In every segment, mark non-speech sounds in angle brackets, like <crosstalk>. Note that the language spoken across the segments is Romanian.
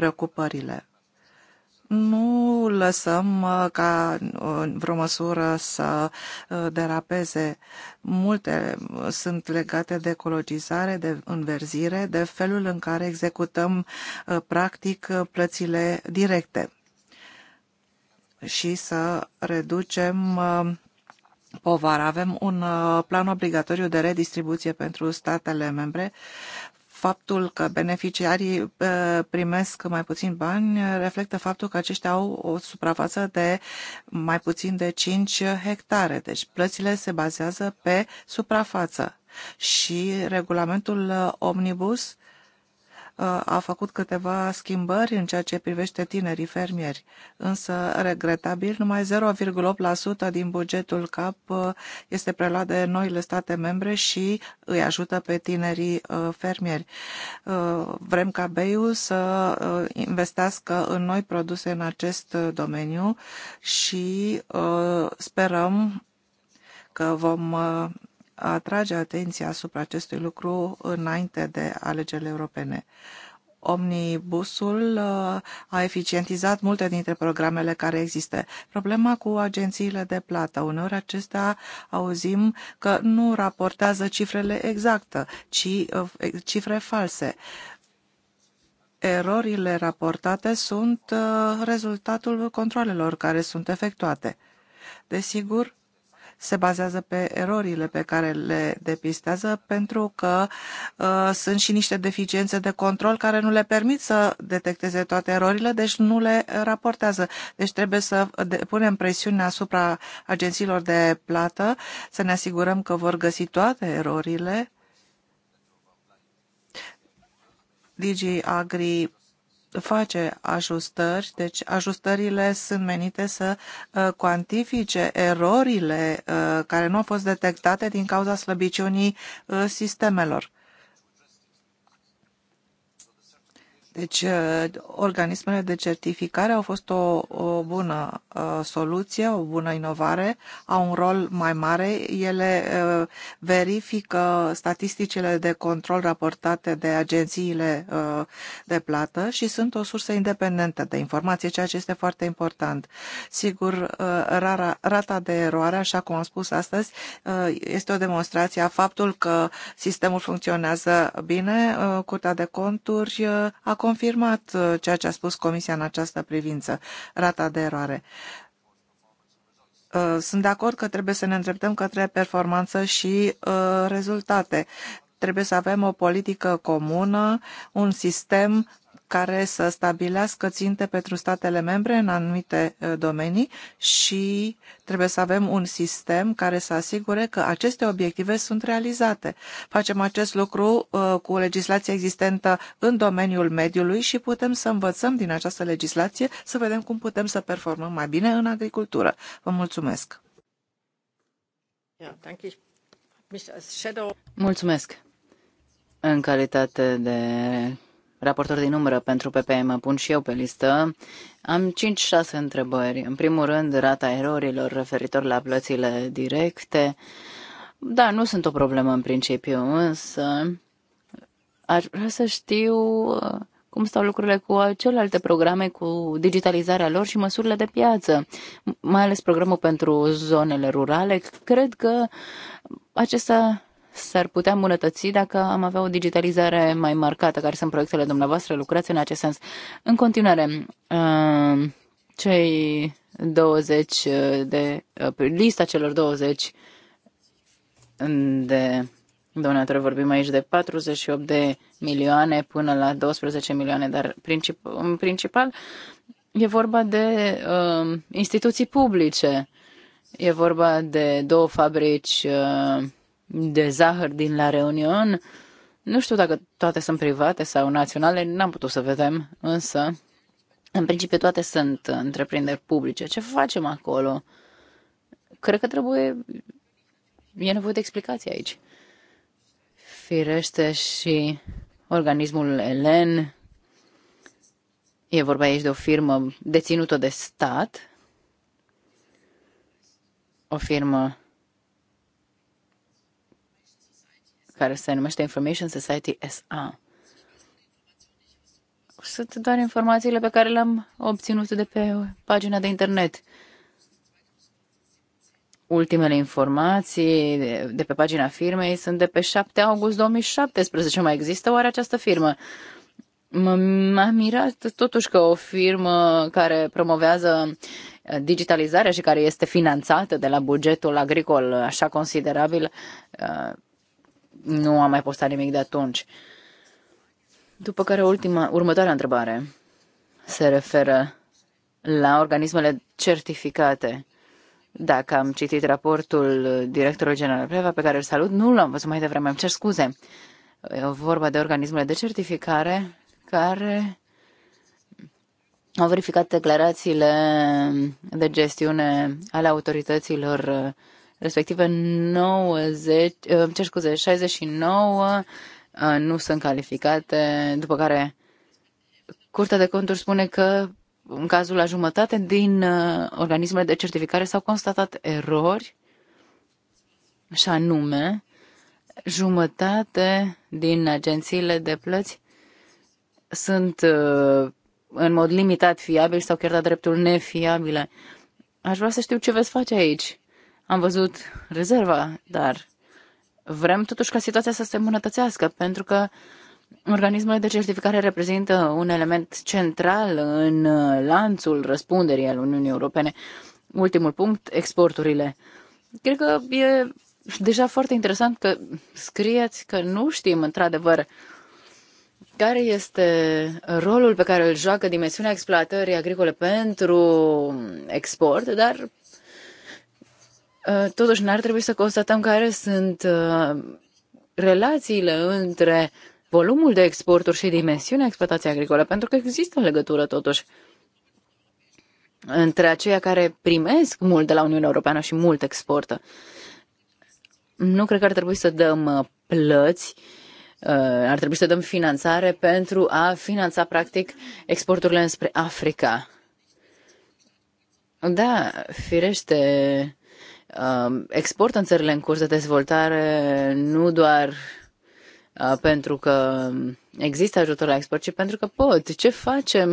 preocupările. Nu lăsăm uh, ca uh, vreo măsură să uh, derapeze. Multe sunt legate de ecologizare, de înverzire, de felul în care executăm practic plățile directe și să reducem povară. Avem un plan obligatoriu de redistribuție pentru statele membre faptul că beneficiarii uh, primesc mai puțin bani reflectă faptul că aceștia au o suprafață de mai puțin de 5 hectare. Deci plățile se bazează pe suprafață. Și regulamentul uh, Omnibus a făcut câteva schimbări în ceea ce privește tinerii fermieri, însă, regretabil, numai 0,8% din bugetul CAP uh, este preluat de noile state membre și îi ajută pe tinerii uh, fermieri. Uh, vrem ca BEU să investească în noi produse în acest domeniu și sperăm că vom atrage atenția asupra acestui lucru înainte de alegerile europene. Omnibusul uh, a eficientizat multe dintre programele care există. Problema cu agențiile de plată. Uneori acestea auzim că nu raportează cifrele exacte, ci uh, cifre false. Erorile raportate sunt uh, rezultatul controlelor care sunt efectuate. Desigur, se bazează pe erorile pe care le depistează, pentru că uh, sunt și niște deficiențe de control care nu le permit să detecteze toate erorile, deci nu le raportează. Deci trebuie să punem presiune asupra agențiilor de plată, să ne asigurăm că vor găsi toate erorile. DG Agri face ajustări, deci ajustările sunt menite să uh, cuantifice erorile uh, care nu au fost detectate din cauza slăbiciunii uh, sistemelor. Deci, uh, organismele de certificare au fost o, o bună uh, soluție, o bună inovare, au un rol mai mare. Ele uh, verifică statisticile de control raportate de agențiile uh, de plată și sunt o sursă independentă de informație, ceea ce este foarte important. Sigur, uh, rara, rata de eroare, așa cum am spus astăzi, uh, este o demonstrație a faptul că sistemul funcționează bine, Curtea de Conturi a confirmat uh, ceea ce a spus Comisia în această privință, rata de eroare. Uh, sunt de acord că trebuie să ne îndreptăm către performanță și uh, rezultate. Trebuie să avem o politică comună, un sistem care să stabilească ținte pentru statele membre în anumite domenii și trebuie să avem un sistem care să asigure că aceste obiective sunt realizate. Facem acest lucru cu legislația existentă în domeniul mediului și putem să învățăm din această legislație să vedem cum putem să performăm mai bine în agricultură. Vă mulțumesc! Mulțumesc! În calitate de raportor din umbră pentru PPM, mă pun și eu pe listă. Am 5-6 întrebări. În primul rând, rata erorilor referitor la plățile directe. Da, nu sunt o problemă în principiu, însă aș vrea să știu uh, cum stau lucrurile cu celelalte programe, cu digitalizarea lor și măsurile de piață, mai ales programul pentru zonele rurale. Cred că acesta s-ar putea îmbunătăți dacă am avea o digitalizare mai marcată, care sunt proiectele dumneavoastră, lucrați în acest sens. În continuare, uh, cei 20 uh, de, uh, lista celor 20 mm, de donatori, vorbim aici de 48 de milioane până la 12 milioane, dar princip, în principal e vorba de uh, instituții publice, e vorba de două fabrici uh, de zahăr din La Reunion. Nu știu dacă toate sunt private sau naționale, n-am putut să vedem, însă în principiu toate sunt întreprinderi publice. Ce facem acolo? Cred că trebuie... E nevoie de explicații aici. Firește și organismul Elen. E vorba aici de o firmă deținută de stat. O firmă care se numește Information Society SA. Sunt doar informațiile pe care le-am obținut de pe pagina de internet. Ultimele informații de pe pagina firmei sunt de pe 7 august 2017. Mai există oare această firmă? M-a mirat totuși că o firmă care promovează uh, digitalizarea și care este finanțată de la bugetul agricol așa considerabil uh, nu am mai postat nimic de atunci. După care ultima, următoarea întrebare se referă la organismele certificate. Dacă am citit raportul directorului general Preva, pe care îl salut, nu l-am văzut mai devreme, îmi cer scuze. E vorba de organismele de certificare care au verificat declarațiile de gestiune ale autorităților respective 90, uh, ce scuze, 69 uh, nu sunt calificate, după care Curtea de Conturi spune că în cazul la jumătate din uh, organismele de certificare s-au constatat erori și anume jumătate din agențiile de plăți sunt în mod limitat fiabile sau chiar de dreptul nefiabile. Aș vrea să știu ce veți face aici. Am văzut rezerva, dar vrem totuși ca situația să se îmbunătățească, pentru că organismele de certificare reprezintă un element central în uh, lanțul răspunderii al Uniunii Europene. Ultimul punct, exporturile. Cred că e deja foarte interesant că scrieți că nu știm într-adevăr care este rolul pe care îl joacă dimensiunea exploatării agricole pentru export, dar Uh, totuși, n-ar trebui să constatăm care sunt uh, relațiile între volumul de exporturi și dimensiunea exploatației agricole, pentru că există o legătură totuși între aceia care primesc mult de la Uniunea Europeană și mult exportă. Nu cred că ar trebui să dăm uh, plăți, ar trebui să dăm finanțare pentru a finanța practic exporturile înspre Africa. Da, firește, Um, exportă în țările în curs de dezvoltare nu doar uh, pentru că există ajutor la export, ci pentru că pot. Ce facem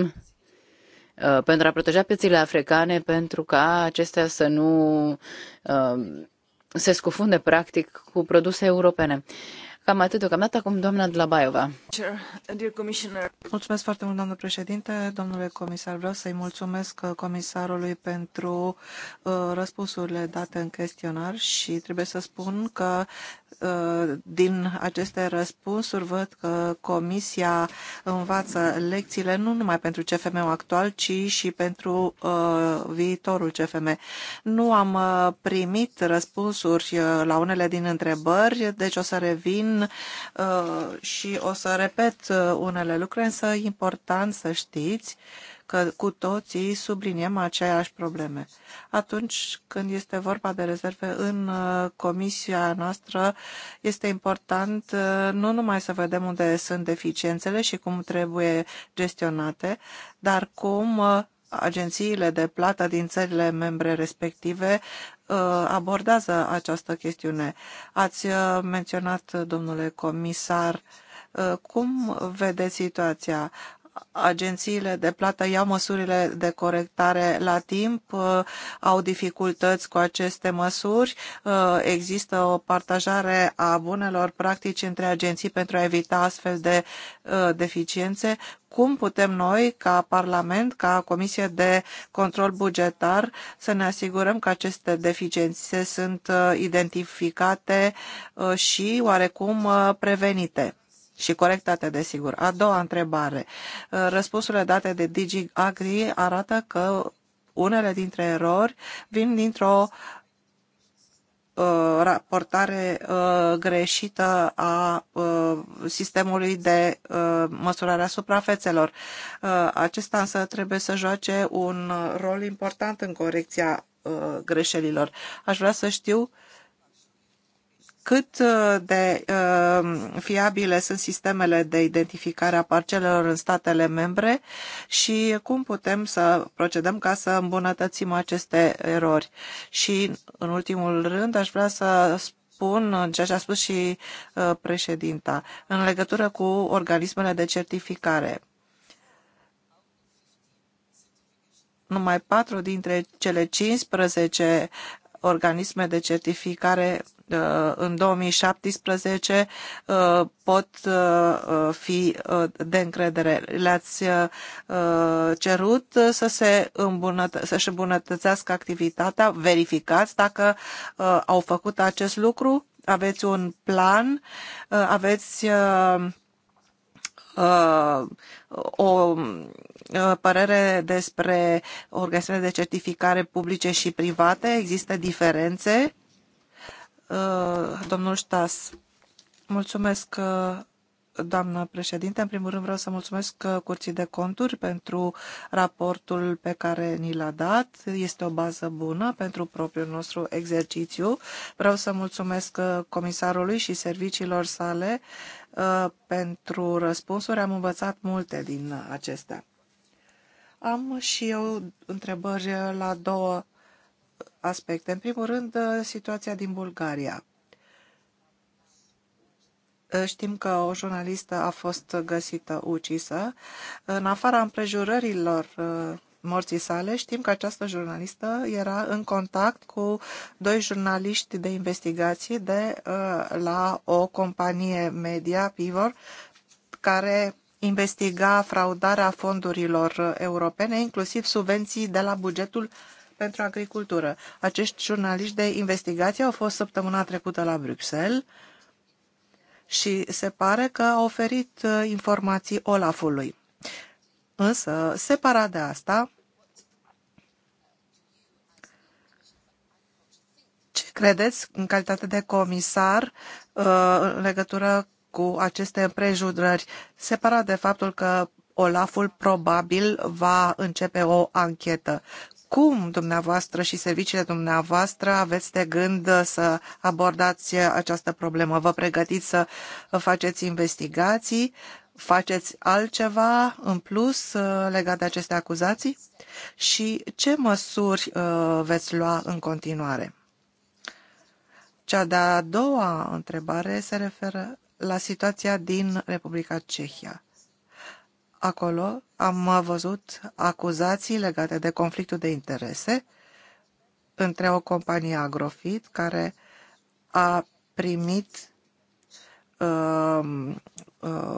uh, pentru a proteja piețile africane, pentru ca acestea să nu um, se scufunde practic cu produse europene? Cam atât deocamdată, acum doamna de la Baiova. Mulțumesc foarte mult, doamnă președinte, domnule comisar. Vreau să-i mulțumesc uh, comisarului pentru uh, răspunsurile date în chestionar și trebuie să spun că Uh, din aceste răspunsuri văd că Comisia învață lecțiile nu numai pentru CFM-ul actual, ci și pentru uh, viitorul CFM. Nu am uh, primit răspunsuri uh, la unele din întrebări, deci o să revin uh, și o să repet uh, unele lucruri, însă important să știți uh, că cu toții subliniem aceeași probleme. Atunci când este vorba de rezerve în uh, comisia noastră, este important uh, nu numai să vedem unde sunt deficiențele și cum trebuie gestionate, dar cum uh, agențiile de plată din țările membre respective abordează această chestiune. Ați menționat, domnule comisar, cum vedeți situația? agențiile de plată iau măsurile de corectare la timp, uh, au dificultăți cu aceste măsuri, uh, există o partajare a bunelor practici între agenții pentru a evita astfel de uh, deficiențe. Cum putem noi, ca Parlament, ca Comisie de Control Bugetar, să ne asigurăm că aceste deficiențe sunt identificate și oarecum prevenite? și corectate, desigur. A doua întrebare. Uh, răspunsurile date de Digi Agri arată că unele dintre erori vin dintr-o uh, raportare uh, greșită a uh, sistemului de uh, măsurare a suprafețelor. Acesta însă trebuie să joace un rol important în corecția greșelilor. Aș vrea să știu uh, cât uh, de uh, fiabile sunt sistemele de identificare a parcelelor în statele membre și cum putem să procedăm ca să îmbunătățim aceste erori. Și, în ultimul rând, aș vrea să spun ceea ce a spus și uh, președinta în legătură cu organismele de certificare. numai patru dintre cele 15 organisme de certificare uh, în 2017 uh, pot uh, fi de încredere. Le-ați cerut să se îmbunătă- să-și îmbunătățească activitatea, verificați dacă au făcut acest lucru, aveți un plan, aveți Uh, o uh, părere despre organizațiile de certificare publice și private. Există diferențe. Uh, domnul Ștas, mulțumesc doamnă președinte. În primul rând vreau să mulțumesc Curții de Conturi pentru raportul pe care ni l-a dat. Este o bază bună pentru propriul nostru exercițiu. Vreau să mulțumesc comisarului și serviciilor sale uh, Uh, pentru răspunsuri. Am învățat multe din acestea. Am și eu întrebări la două aspecte. În primul rând, uh, situația din Bulgaria. Uh, știm că o jurnalistă a fost găsită ucisă. În afara împrejurărilor morții sale, știm că această jurnalistă era în contact cu doi jurnaliști de investigații de uh, la o companie media, Pivor, care investiga fraudarea fondurilor uh, europene, inclusiv subvenții de la bugetul pentru agricultură. Acești jurnaliști de investigație au fost săptămâna trecută la Bruxelles și se pare că au oferit uh, informații Olafului. Însă, separat de asta, credeți, în calitate de comisar, uh, în legătură cu aceste împrejurări, separat de faptul că Olaful probabil va începe o anchetă. Cum dumneavoastră și serviciile dumneavoastră aveți de gând să abordați această problemă? Vă pregătiți să faceți investigații? Faceți altceva în plus uh, legat de aceste acuzații? Și ce măsuri uh, veți lua în continuare? Cea de-a doua întrebare se referă la situația din Republica Cehia. Acolo am văzut acuzații legate de conflictul de interese între o companie Agrofit care a primit uh, uh,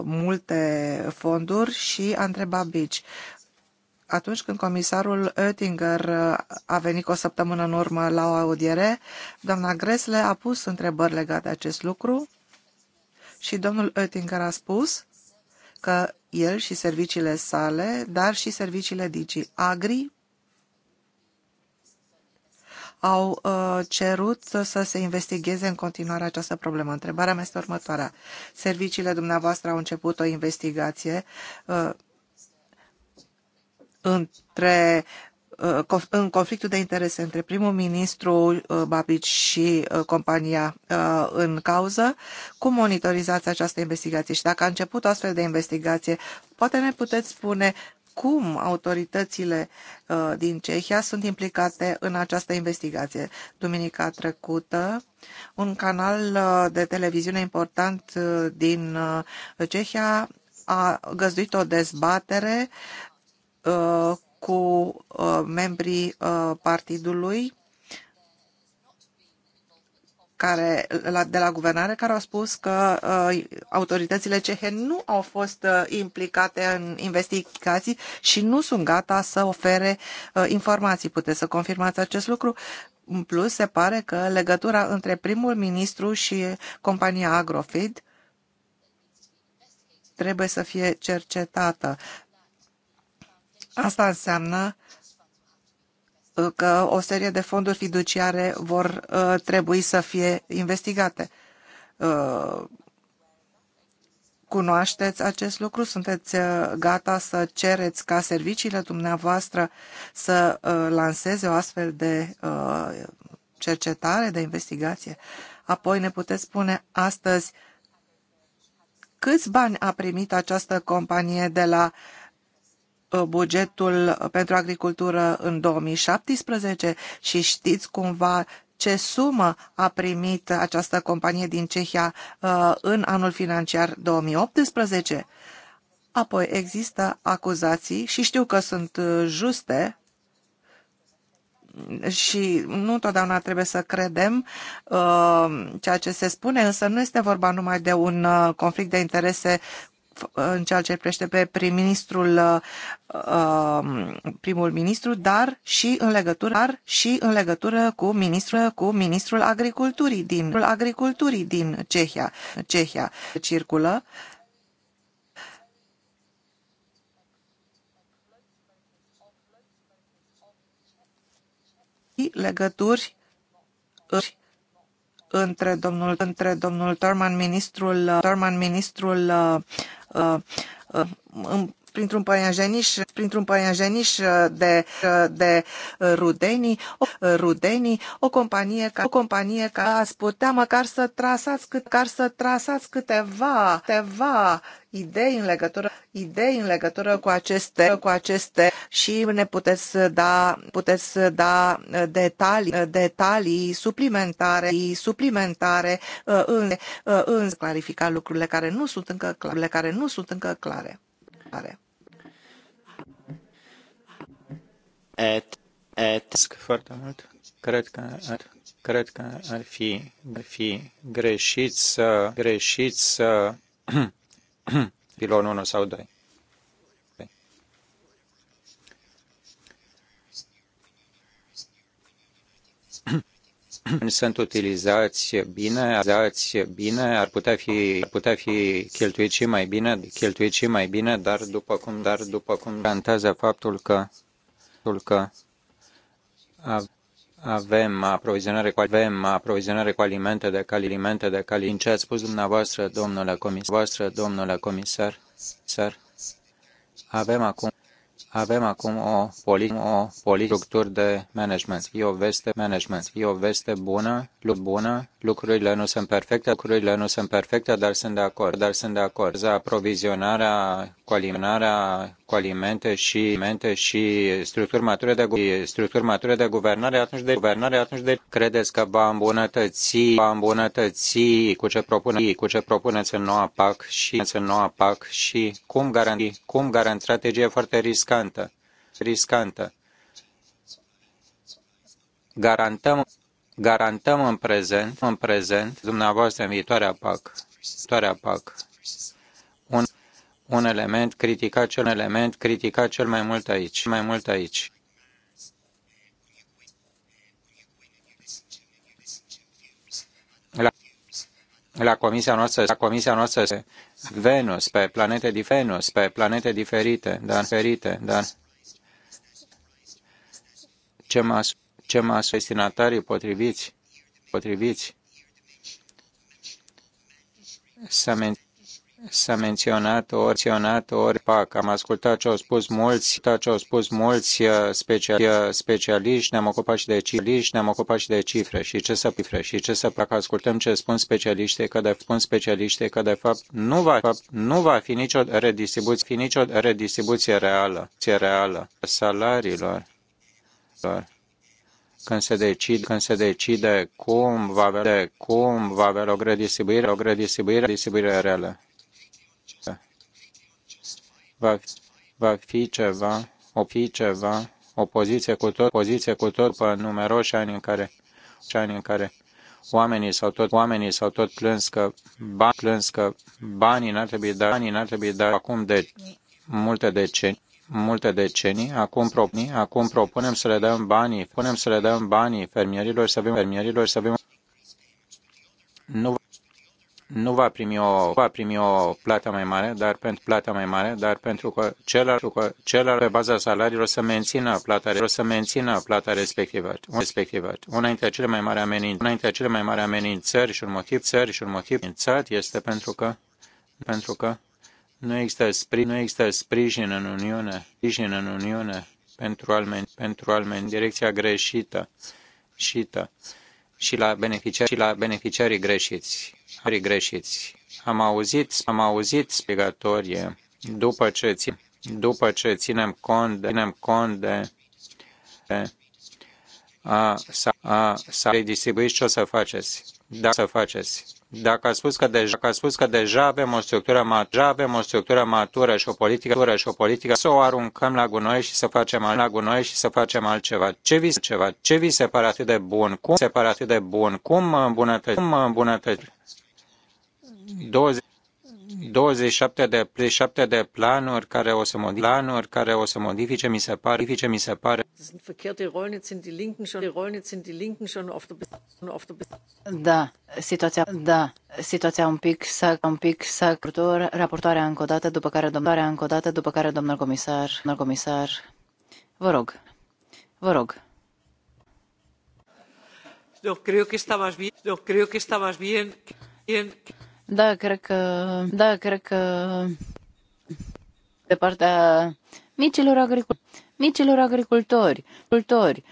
multe fonduri și a întrebat Bici atunci când comisarul Oettinger a venit cu o săptămână în urmă la o audiere, doamna Gresle a pus întrebări legate de acest lucru și domnul Oettinger a spus că el și serviciile sale, dar și serviciile Digi Agri au uh, cerut să se investigheze în continuare această problemă. Întrebarea mea este următoarea. Serviciile dumneavoastră au început o investigație uh, între uh, în conflictul de interese între primul ministru uh, Babic și uh, compania în cauză. Cum monitorizați această investigație și dacă a început o astfel de investigație, poate ne puteți spune cum autoritățile din Cehia sunt implicate în această investigație. Duminica trecută, un canal de televiziune important din Cehia a găzduit o dezbatere Uh, cu uh, membrii uh, partidului care, de la guvernare care au spus că autoritățile cehe nu au fost implicate în investigații și nu sunt gata să ofere informații. Puteți să confirmați acest lucru? În plus, se pare că legătura între primul ministru și compania Agrofid trebuie să fie cercetată. Asta înseamnă uh, că o serie de fonduri fiduciare vor uh, trebui să fie investigate. Uh, cunoașteți acest lucru? Sunteți gata să cereți ca serviciile dumneavoastră să lanseze o astfel de cercetare, de investigație? Apoi ne puteți spune astăzi câți bani a primit această companie de la uh, Uh, bugetul uh, pentru agricultură în 2017 și știți cumva ce sumă a primit această companie din Cehia uh, în anul financiar 2018. Apoi există acuzații și știu că sunt juste și nu întotdeauna trebuie să credem ceea ce se spune, însă nu este vorba numai de un conflict de interese în ceea ce prește pe prim-ministrul, uh, um, primul ministru, dar și în legătură, dar și în legătură cu ministrul, cu ministrul agriculturii din, agriculturii din Cehia. Cehia circulă legături între domnul, între domnul Thurman, ministrul, Thurman, ministrul uh, uh, uh printr-un păianjeniș, printr-un păianjeniș de, de rudenii, o, rudenii, o companie ca, o companie ca ați putea măcar să trasați, cât, car să trasați câteva, câteva idei în legătură, idei în legătură cu aceste, cu aceste și ne puteți da, puteți da detalii, detalii suplimentare, suplimentare uh, în, uh, în clarifica lucrurile care nu sunt încă clare, care nu sunt încă clare. clare. et, et. foarte mult. Cred că ar, cred că ar fi, ar fi greșit să, greșit să <clears throat> pilon 1 sau 2. <clears throat> sunt utilizați bine, utilizați bine, ar putea fi, ar putea fi cheltuit și mai bine, cheltuit și mai bine, dar după cum, dar după cum garantează faptul că faptul că avem aprovizionare cu, avem aprovizionare cu alimente de cali, alimente de cali. în ce ați spus dumneavoastră, domnule comisar, voastră, domnule comisar, sir, avem acum avem acum o, politică, o politică structuri de management. E o veste management. E o veste bună, lu bună. Lucrurile nu sunt perfecte, lucrurile nu sunt perfecte, dar sunt de acord. Dar sunt de acord. Aprovizionarea cu alimentarea cu alimente și alimente și structuri mature de structuri mature de guvernare atunci de guvernare atunci de credeți că va îmbunătăți va îmbunătăți cu ce propune cu ce propuneți în noua PAC și în noua PAC și cum garanti cum garanti strategie foarte riscantă riscantă, riscantă. Garantăm, garantăm în prezent, în prezent, dumneavoastră în viitoarea PAC, viitoarea PAC, un, un element criticat, cel element criticat cel mai mult aici, mai mult aici la comisia noastră, la comisia noastră Venus, pe planete de Venus, pe planete diferite, dar diferite, dar ce mas, ce mas destinatarii potriviți, potriviți, să mențin S-a menționat ori, menționat ori PAC. Am ascultat ce au spus mulți, ce au spus mulți uh, speciali, uh, specialiști, ne-am ocupat și de cifre, ne-am ocupat și de cifre și ce să cifre și ce să PAC. Ascultăm ce spun specialiștii, că de spun specialiștii că de fapt nu va, fapt, nu va fi nicio redistribuție, fi nicio redistribuție reală, reală salariilor. Lor când se decide, când se decide cum va avea, de, cum va avea o redistribuire, o redistribuire, distribuire reală va, va fi ceva, o fi ceva, o poziție cu tot, poziție cu tot pe numeroși ani în care, ani în care oamenii sau tot oamenii sau tot plâns că, ba, plâns că banii n-ar trebui dar, banii n-ar trebui dar acum de multe decenii multe decenii, acum, propni, acum propunem să le dăm banii, punem să le dăm banii fermierilor, să avem fermierilor, să avem nu nu va primi o, va primi o plată mai mare, dar pentru plata mai mare, dar pentru că celălalt, că celălalt pe baza salariilor să mențină plata, să mențină plata respectivă, respectivă. Una dintre cele mai mari amenințări, una dintre cele mai mari amenințări și un motiv țări și un motiv țări este pentru că pentru că nu există, sprijin, nu există sprijin în Uniune, sprijin în Uniune pentru almen, pentru almen, direcția greșită, Și și la beneficiarii greșiți. greșiți. Am auzit, am auzit spiegatorie după ce, după ce ținem cont de, ținem cont de, de a, a, a, să redistribuiți ce o să faceți. Da, să faceți dacă a spus că deja, dacă a spus că deja avem o structură matură, avem o structură matură și o politică matură și o politică, să o aruncăm la gunoi și să facem la gunoi și să facem altceva. Ce vi, ceva? Ce vi se pare atât de bun? Cum se pare atât de bun? Cum îmbunătăți? Cum îmbunătăți? 20 27 de, 7 de planuri care o să modifice, planuri care o să modifice, mi se pare, modifice, mi se pare. Da, situația, da, situația un pic s-a, un pic s-a raportarea încă o dată, după care domnarea încă o dată, după care domnul comisar, domnul comisar, vă rog, vă rog. Eu cred că este mai bine, eu cred că este mai bine, bien da, cred că, da, cred că de partea micilor agricultori, micilor agricultori, cultori.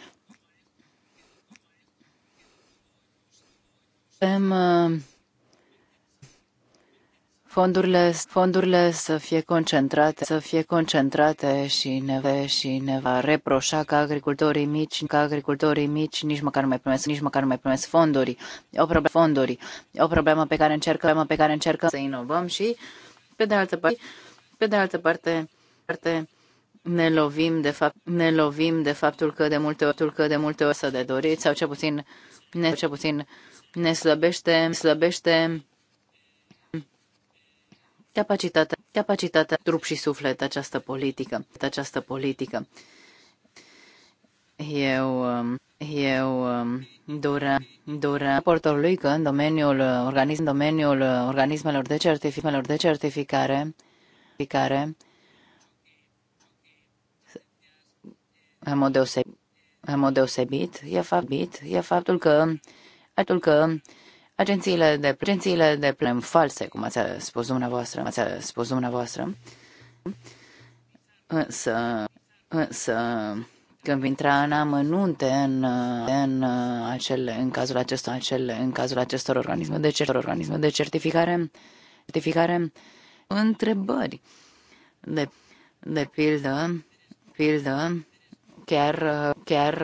Suntem uh, fondurile, fondurile să fie concentrate, să fie concentrate și ne, ve, și ne va reproșa că agricultorii mici, că agricultorii mici nici măcar nu mai primesc, nici măcar nu mai primesc fonduri. E o problemă, fonduri. E o problemă pe care încercăm, pe care încercăm să inovăm și pe de altă parte, pe de altă parte, parte ne lovim de fapt, ne lovim de faptul că de multe ori, că de multe ori să de dorit sau cel puțin ne, cel puțin ne slăbește, slăbește capacitate, capacitate, trup și suflet această politică, această politică. Eu, um, eu um, dorea, dorea lui că în domeniul, organism, domeniul organismelor de certificare, de certificare, care, în mod deosebit, în mod deosebit, e faptul, e faptul că, faptul că agențiile de, agențiile de plem false, cum ați spus dumneavoastră, ați spus dumneavoastră. Însă, însă când intra în amănunte în, în, acele, în, cazul acestor, acele, în cazul acestor organisme de, cer, organisme de certificare, certificare, întrebări. De, de pildă, pildă, chiar, chiar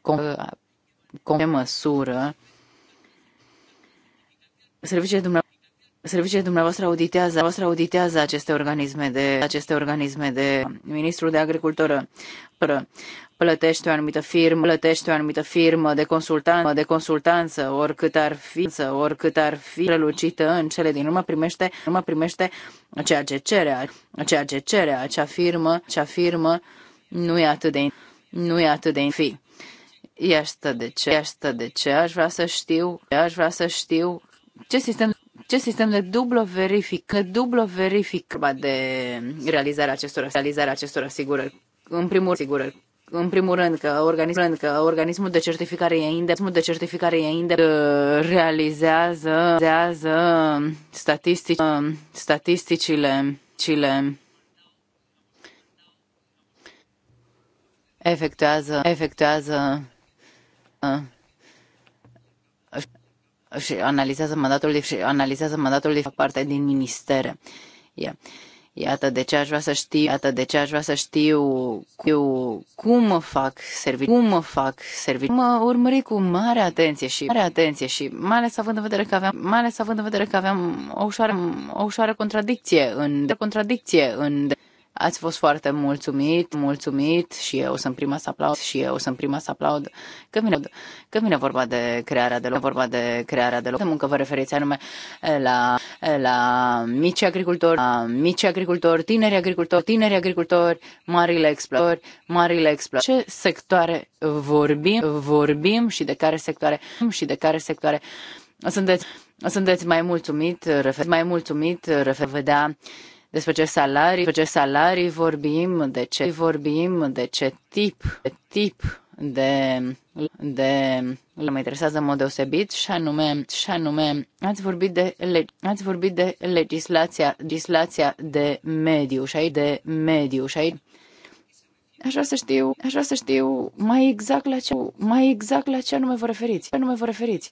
cum, cum c serviciile dumneavoastră Serviciile dumneavoastră auditează, auditează aceste organisme de aceste organisme de ministrul de agricultură plătește o anumită firmă, plătește o anumită firmă de consultanță, de consultanță, oricât ar fi, oricât ar fi relucită în cele din urmă primește, urmă primește ceea ce cere, ceea ce cere acea firmă, acea firmă nu e atât de nu e atât de fi. Iaște de ce, Iaște de ce aș vrea să știu, aș vrea să știu ce sistem ce sistem de dublă verific, de dublă verific de realizarea acestor, realizarea acestor asigurări. În primul asigurări în primul rând că organismul, că organismul de certificare e inde, de certificare e inde, uh, realizează, realizează statistici, uh, statisticile cile efectuează, efectuează uh, și analizează mandatul și analizează mandatul fac parte din ministere. Yeah. Iată de ce aș vrea să știu, iată de ce aș vrea să știu eu cum mă fac serviciu, cum mă fac serviciu. Mă urmări cu mare atenție și mare atenție și mai ales având în vedere că aveam, mai ales având în vedere că aveam o ușoară, o ușoară contradicție în contradicție în Ați fost foarte mulțumit, mulțumit și eu sunt prima să aplaud și eu sunt prima să aplaud că vine, că vine vorba de crearea de loc, vorba de crearea de loc de muncă, vă referiți anume la, la mici agricultori, la mici agricultori, tineri agricultori, tineri agricultori, marile exploratori, marile exploratori. Ce sectoare vorbim, vorbim și de care sectoare și de care sectoare sunteți, sunteți mai mulțumit, refer, mai mulțumit, refer, vedea despre ce salarii, despre ce salarii vorbim, de ce vorbim, de ce tip, de tip de, de mă interesează în mod deosebit și anume, și anume ați, vorbit de, le, ați vorbit de legislația, legislația de mediu și aici de mediu și aici Aș vrea să știu, aș vrea să știu mai exact la ce, mai exact la ce anume vă referiți. Ce anume vă referiți?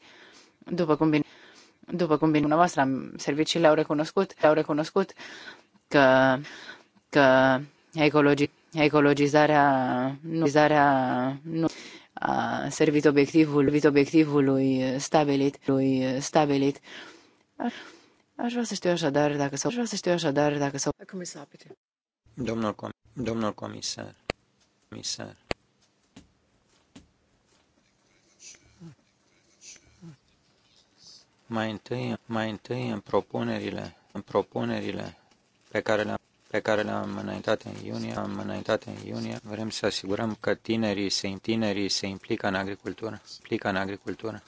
După cum bine, după cum bine dumneavoastră, serviciile au recunoscut, au recunoscut că, că ecologi, ecologizarea nu, nu a servit obiectivul, servit obiectivului stabilit, lui stabilit. Aș vrea să știu așadar dacă s-au... Aș vrea să știu așadar dacă s-au... Comisar, Domnul, com domnul comisar. Comisar. Mai întâi, mai întâi în propunerile, în propunerile pe care le-am pe care le-am înaintat în iunie, am înaintat în iunie, vrem să asigurăm că tinerii se, tinerii se implică în agricultură, implică în agricultură.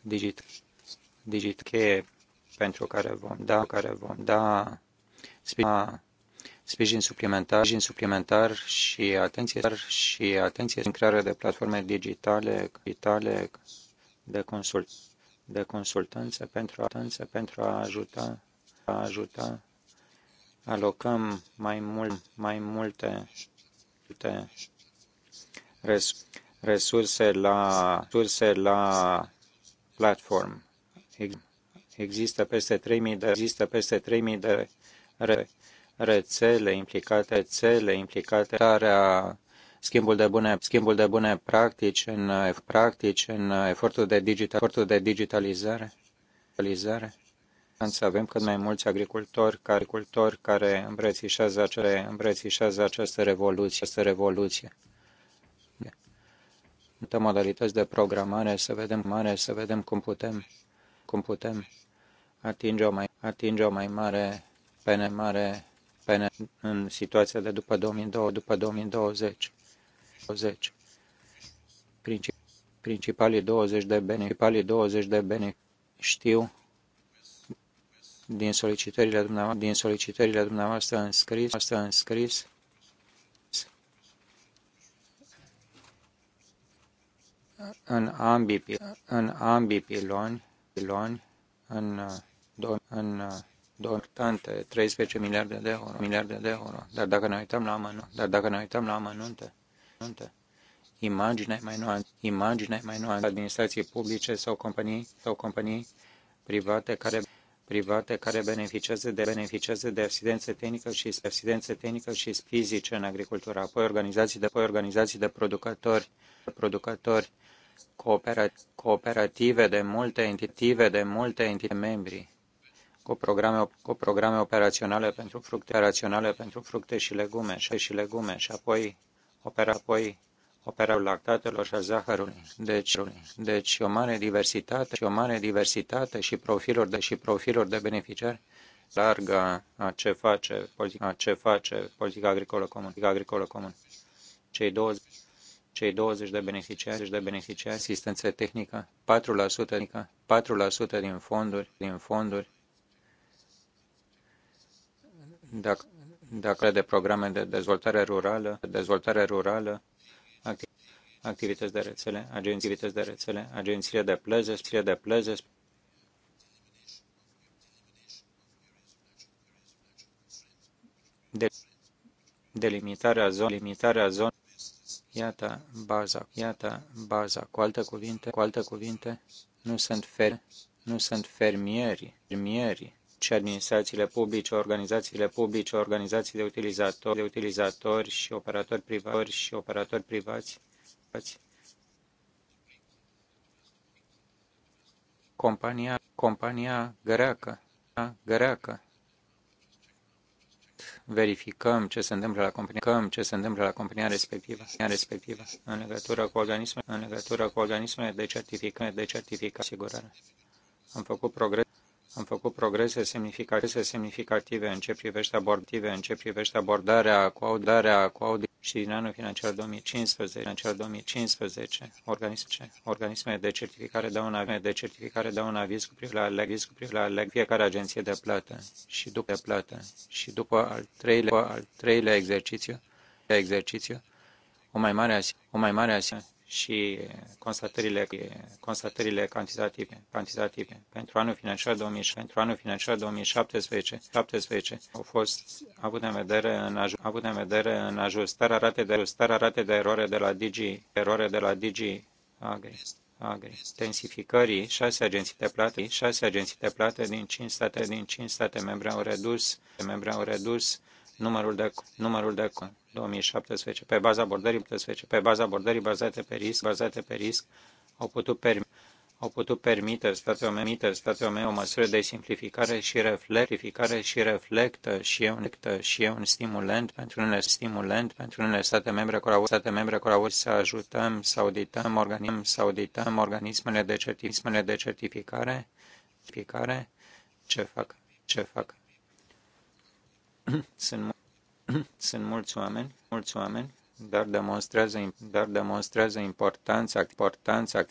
Digit, digit cheie pentru care vom da, care vom da sprijin suplimentar, sprijin suplimentar și atenție și atenție în crearea de platforme digitale, digitale de consult, de consultanță pentru, atenție pentru a ajuta a ajuta alocăm mai mult mai multe, multe res, resurse la resurse la platform. Există peste 3000 de există peste 3000 de re, rețele implicate, rețele implicate care schimbul de bune, schimbul de bune practici în practici în efortul de digital, efortul de digitalizare. digitalizare să avem cât mai mulți agricultori care, agricultori care îmbrățișează, aceste, îmbrățișează această revoluție. Această revoluție. Multe modalități de programare, să vedem mare, să vedem cum putem, cum putem atinge o mai, atinge o mai mare pene mare pene în situația de după 2002, după 2020. 20. principalii 20 de beni, principalii 20 de beni știu din solicitările dumneavoastră, din solicitările dumneavoastră înscris, asta înscris în ambii, în ambii piloni, piloni în, în importante, 13 miliarde de euro, miliarde de euro. Dar dacă ne uităm la amănunte, dar dacă ne uităm la amănunte, amănunte imagine mai nu, imagine mai nu, administrații publice sau companii, sau companii private care private care beneficiază de beneficiază de asistență tehnică și asistență tehnică și fizice în agricultură, apoi organizații de apoi organizații de producători, producători cooperative de multe entitive, de multe entități membri cu programe, cu programe operaționale pentru fructe, operaționale pentru fructe și legume, și, și legume, și apoi opera apoi operau lactatelor și a zahărului. Deci, deci o mare diversitate și o mare diversitate și profiluri de, și profiluri de beneficiari largă a ce face politica, a ce face politica agricolă comună. Politica agricolă comună. Cei 20 cei 20 de beneficiari de beneficiari asistență tehnică, 4%, 4% din fonduri, din fonduri. Dacă, dacă de programe de dezvoltare rurală, dezvoltare rurală, activități de rețele, agenții de rețele, agențiile de plăze, agențiile de plăze, de, delimitarea zonei, limitarea zonei, iată baza, iată baza. Cu alte cuvinte, cu alte cuvinte, nu sunt fer, nu sunt fermieri, fermieri și administrațiile publice, organizațiile publice, organizații de utilizatori, de utilizatori și operatori privați și operatori privați, compania, compania greacă, greacă. Verificăm ce se întâmplă la compania, ce se întâmplă la compania respectivă, respectivă în legătură cu organismele, în legătură cu organismul de certificare, de certificare asigurare. Am făcut progres am făcut progrese semnificative, semnificative în ce privește abordative, în ce privește abordarea cu audarea cu audi și din anul financiar 2015, financiar 2015 organisme, organisme de certificare dau un aviz, de certificare dau un aviz cu privire la aviz cu privire la leg, fiecare agenție de plată și după de plată și după al treilea, al treilea exercițiu, exercițiu o mai mare, o mai mare asigurare și constatările, constatările cantitative, cantitative. Pentru anul financiar 2016, pentru anul financiar 2017 17, au fost avut în vedere în, aj- avut în vedere în ajustarea ratei de ajustarea ratei de eroare de la Digi, eroare de la Digi Agri. Agri. Intensificării, șase agenții de plată, șase agenții de plată din cinci state, din cinci state membre au redus, membre au redus numărul de, numărul de 2017 pe baza abordării 17, pe baza abordării bazate pe risc, bazate pe risc, au putut permite au putut permite statelor membre, statelor membre o măsură de simplificare și reflectificare și reflectă și e un, și e un stimulant pentru unele stimulant pentru unele state membre care au state membre care au să ajutăm să audităm organism să audităm organismele de certificare de certificare, certificare ce fac ce fac <clears throat> Sunt, <clears throat> sunt mulți oameni, mulți oameni, dar demonstrează, dar demonstrează importanța, importanța.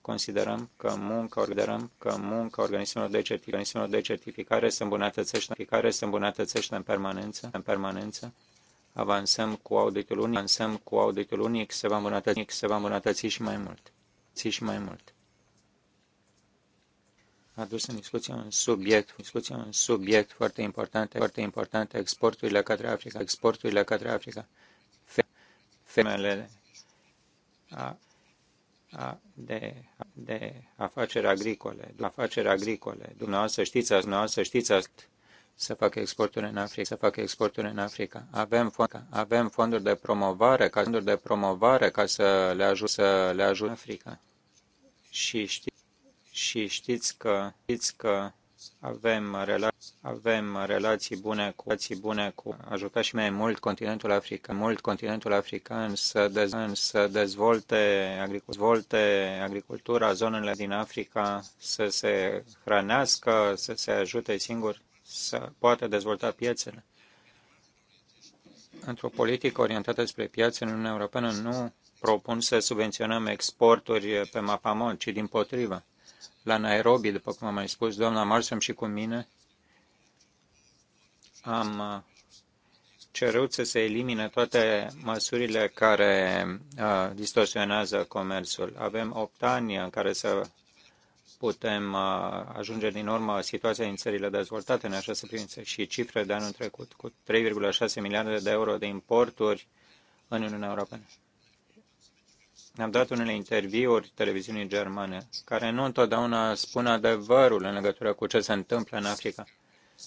Considerăm că munca, considerăm că munca organismelor de certificare, organismelor de certificare se îmbunătățește, care se îmbunătățește în permanență, în permanență. Avansăm cu auditul unic, avansăm cu auditul unic, se va îmbunătăți, se va îmbunătăți și mai mult. Și mai mult adus în discuție un subiect, discuție un subiect foarte important, foarte important, exporturile către Africa, exporturile către Africa, femele a, a, de, de afaceri agricole, de afaceri agricole. Dumneavoastră știți asta, dumneavoastră știți asta să fac exporturi în Africa, să fac exporturi în Africa. Avem, fond, avem fonduri de promovare, ca fonduri de promovare ca să le ajut să le în Africa. Și știți și știți că, știți că avem, rela- avem relații bune cu relații bune cu ajuta și mai mult continentul african, mult continentul african să, dez- să dezvolte, agric- dezvolte agricultura, zonele din Africa să se hrănească, să se ajute singur să poată dezvolta piețele. Într-o politică orientată spre piață în Uniunea Europeană nu propun să subvenționăm exporturi pe mapamon, ci din potrivă la Nairobi, după cum am mai spus, doamna Marsham și cu mine, am uh, cerut să se elimine toate măsurile care uh, distorsionează comerțul. Avem 8 ani în care să putem uh, ajunge din urmă situația din țările dezvoltate în această privință și cifre de anul trecut cu 3,6 miliarde de euro de importuri în Uniunea Europeană. Am dat unele interviuri televiziunii germane, care nu întotdeauna spun adevărul în legătură cu ce se întâmplă în Africa,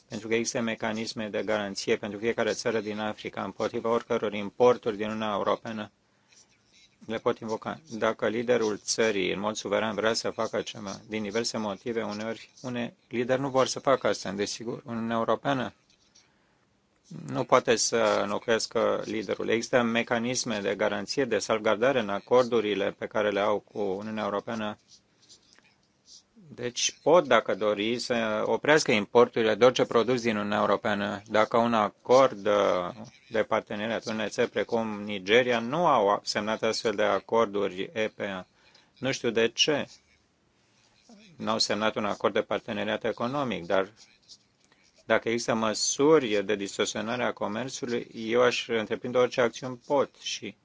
pentru că există mecanisme de garanție pentru fiecare țară din Africa împotriva oricăror importuri din Uniunea Europeană le pot invoca. Dacă liderul țării, în mod suveran, vrea să facă ceva, din diverse motive, uneori, unei lideri nu vor să facă asta, desigur. Uniunea Europeană nu poate să înlocuiască liderul. Există mecanisme de garanție, de salvgardare în acordurile pe care le au cu Uniunea Europeană. Deci pot, dacă dori, să oprească importurile de orice produs din Uniunea Europeană. Dacă un acord uh, de parteneriat în rețe precum Nigeria nu au semnat astfel de acorduri EPA, nu știu de ce. Nu au semnat un acord de parteneriat economic, dar dacă există măsuri de distorsionare a comerțului, eu aș întreprinde orice acțiuni pot și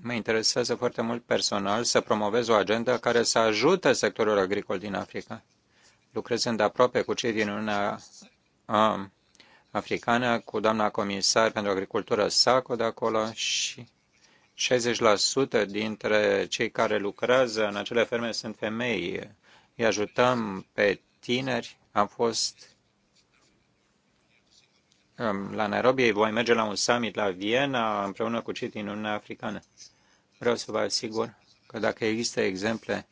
mă interesează foarte mult personal să promovez o agendă care să ajute sectorul agricol din Africa. Lucrez aproape cu cei din Uniunea um, Africană, cu doamna comisar pentru agricultură SACO de acolo și 60% dintre cei care lucrează în acele ferme sunt femei. Îi ajutăm pe tineri am fost um, la Nairobi, voi merge la un summit la Viena împreună cu cei din Uniunea Africană. Vreau să vă asigur că dacă există exemple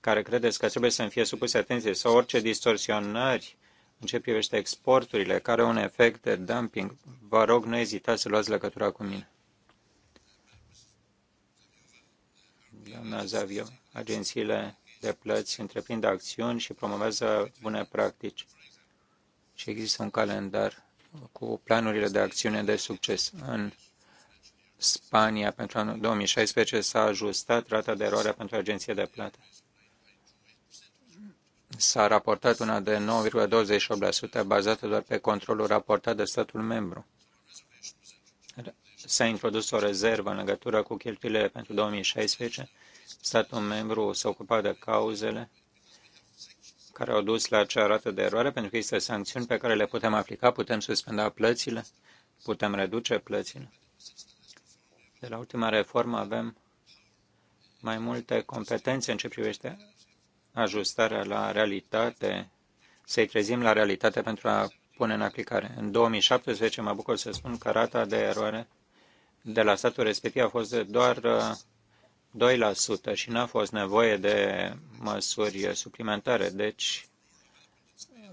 care credeți că trebuie să fie supuse atenție sau orice distorsionări în ce privește exporturile, care au un efect de dumping, vă rog, nu ezitați să luați legătura cu mine. Doamna Zavio, agențiile de plăți întreprinde acțiuni și promovează bune practici. Și există un calendar cu planurile de acțiune de succes. În Spania, pentru anul 2016, s-a ajustat rata de eroare pentru agenție de plată. S-a raportat una de 9,28% bazată doar pe controlul raportat de statul membru. S-a introdus o rezervă în legătură cu cheltuielile pentru 2016 statul membru s ocupa de cauzele care au dus la acea rată de eroare, pentru că există sancțiuni pe care le putem aplica, putem suspenda plățile, putem reduce plățile. De la ultima reformă avem mai multe competențe în ce privește ajustarea la realitate, să-i trezim la realitate pentru a pune în aplicare. În 2017 mă bucur să spun că rata de eroare de la statul respectiv a fost de doar uh, 2% și n-a fost nevoie de măsuri suplimentare, deci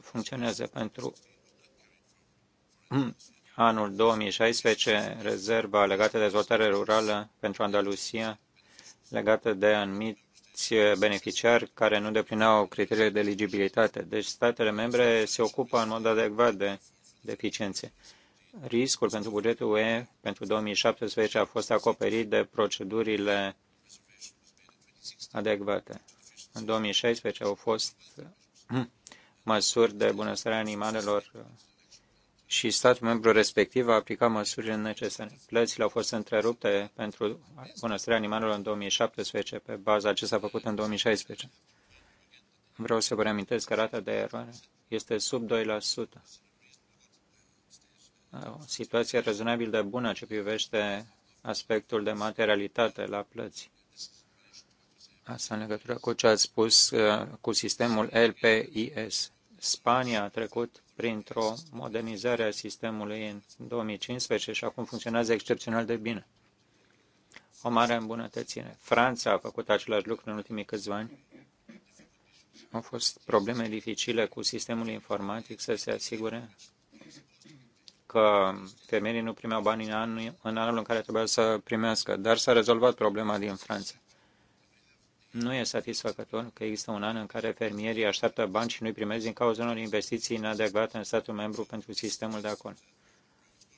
funcționează pentru <clears throat> anul 2016 rezerva legată de dezvoltare rurală pentru Andalusia, legată de anumit beneficiari care nu deplineau criteriile de eligibilitate. Deci statele membre se ocupă în mod adecvat de deficiențe. Riscul pentru bugetul UE pentru 2017 a fost acoperit de procedurile adecvate. În 2016 au fost hmm, măsuri de bunăstare animalelor și statul membru respectiv a aplicat măsurile necesare. Plățile au fost întrerupte pentru bunăstarea animalelor în 2017 pe baza ce s-a făcut în 2016. Vreau să vă reamintesc că rata de eroare este sub 2%. O situație rezonabil de bună ce privește aspectul de materialitate la plăți. Asta în legătură cu ce ați spus uh, cu sistemul LPIS. Spania a trecut printr-o modernizare a sistemului în 2015 și acum funcționează excepțional de bine. O mare îmbunătățire. Franța a făcut același lucru în ultimii câțiva ani. Au fost probleme dificile cu sistemul informatic să se asigure că femeile nu primeau bani în anul în, anul în care trebuia să primească, dar s-a rezolvat problema din Franța. Nu e satisfăcător că există un an în care fermierii așteaptă bani și nu-i primesc din cauza unor investiții inadecvate în statul membru pentru sistemul de acolo.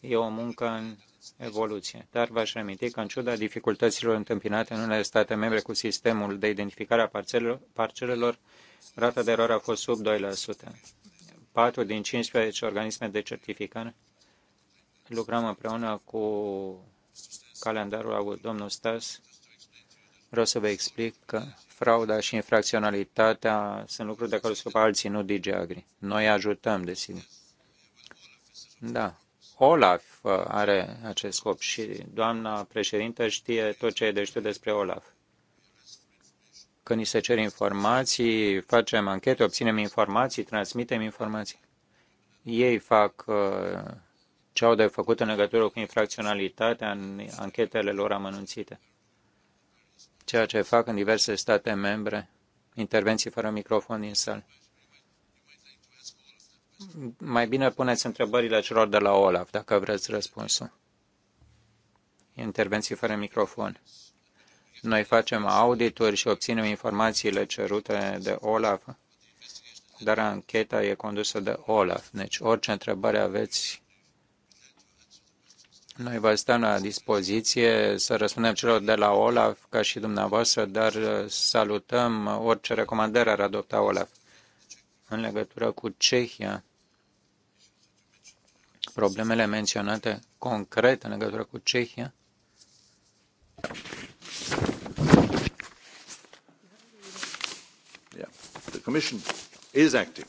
E o muncă în evoluție, dar v-aș reminti că în ciuda dificultăților întâmpinate în unele state membre cu sistemul de identificare a parcelelor, rata de eroare a fost sub 2%. 4 din 15 organisme de certificare lucrăm împreună cu calendarul avut domnul Stas Vreau să vă explic că frauda și infracționalitatea sunt lucruri de care scopă alții, nu DJ Agri. Noi ajutăm, desigur. Da. Olaf uh, are acest scop și doamna președintă știe tot ce e de știu despre Olaf. Când ni se cer informații, facem anchete, obținem informații, transmitem informații. Ei fac uh, ce au de făcut în legătură cu infracționalitatea în anchetele lor amănunțite ceea ce fac în diverse state membre, intervenții fără microfon din sală. Mai bine puneți întrebările celor de la Olaf, dacă vreți răspunsul. Intervenții fără microfon. Noi facem audituri și obținem informațiile cerute de Olaf, dar ancheta e condusă de Olaf. Deci orice întrebare aveți noi vă stăm la dispoziție să răspundem celor de la OLAF, ca și dumneavoastră, dar uh, salutăm orice recomandare ar adopta OLAF. În legătură cu Cehia, problemele menționate concret în legătură cu Cehia? Yeah. The Commission is active.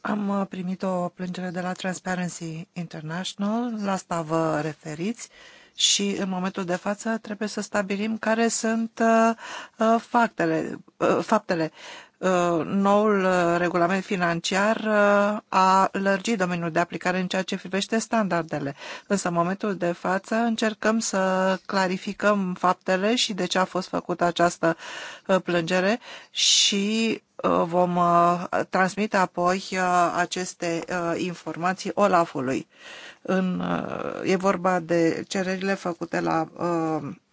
Am uh, primit o plângere de la Transparency International, la asta vă referiți și în momentul de față trebuie să stabilim care sunt uh, uh faptele. Uh, faptele. Uh, noul uh, regulament financiar uh, a lărgit domeniul de aplicare în ceea ce privește standardele. Însă, în momentul de față, încercăm să clarificăm faptele și de ce a fost făcută această plângere și vom transmite apoi aceste informații Olafului. În, e vorba de cererile făcute la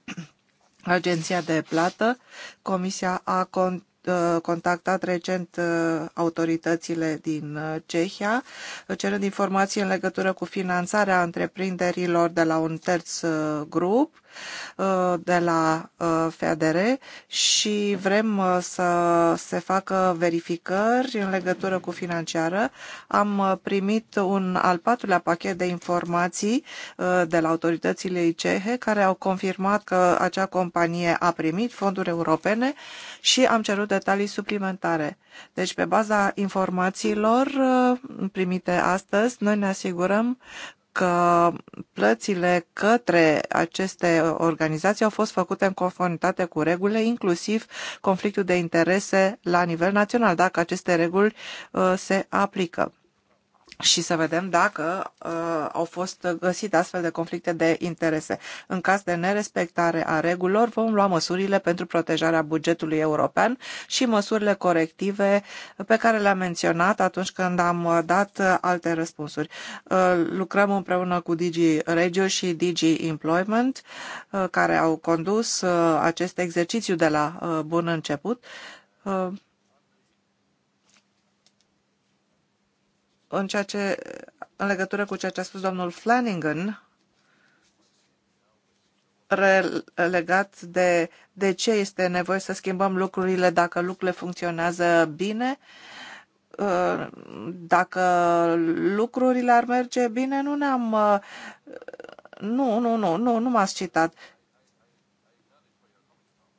<clears throat> Agenția de Plată. Comisia a continuat Uh, contactat recent uh, autoritățile din uh, Cehia, cerând informații în legătură cu finanțarea întreprinderilor de la un terț grup Uh, de la uh, FADR și vrem uh, să se facă verificări în legătură cu financiară. Am primit un al patrulea pachet de informații de la autoritățile cehe care au confirmat că acea companie a primit fonduri europene și am cerut detalii suplimentare. Deci, pe baza informațiilor primite astăzi, noi ne asigurăm că plățile către aceste organizații au fost făcute în conformitate cu regulile, inclusiv conflictul de interese la nivel național, dacă aceste reguli uh, se aplică și să vedem dacă uh, au fost găsite astfel de conflicte de interese. În caz de nerespectare a regulilor, vom lua măsurile pentru protejarea bugetului european și măsurile corective pe care le-am menționat atunci când am uh, dat uh, alte răspunsuri. Uh, lucrăm împreună cu Digi Regio și Digi Employment, uh, care au condus uh, acest exercițiu de la uh, bun început. Uh, în, ceea ce, în legătură cu ceea ce a spus domnul Flanagan legat de de ce este nevoie să schimbăm lucrurile dacă lucrurile funcționează bine. Dacă lucrurile ar merge bine, nu ne-am... Nu, nu, nu, nu, nu m-ați citat.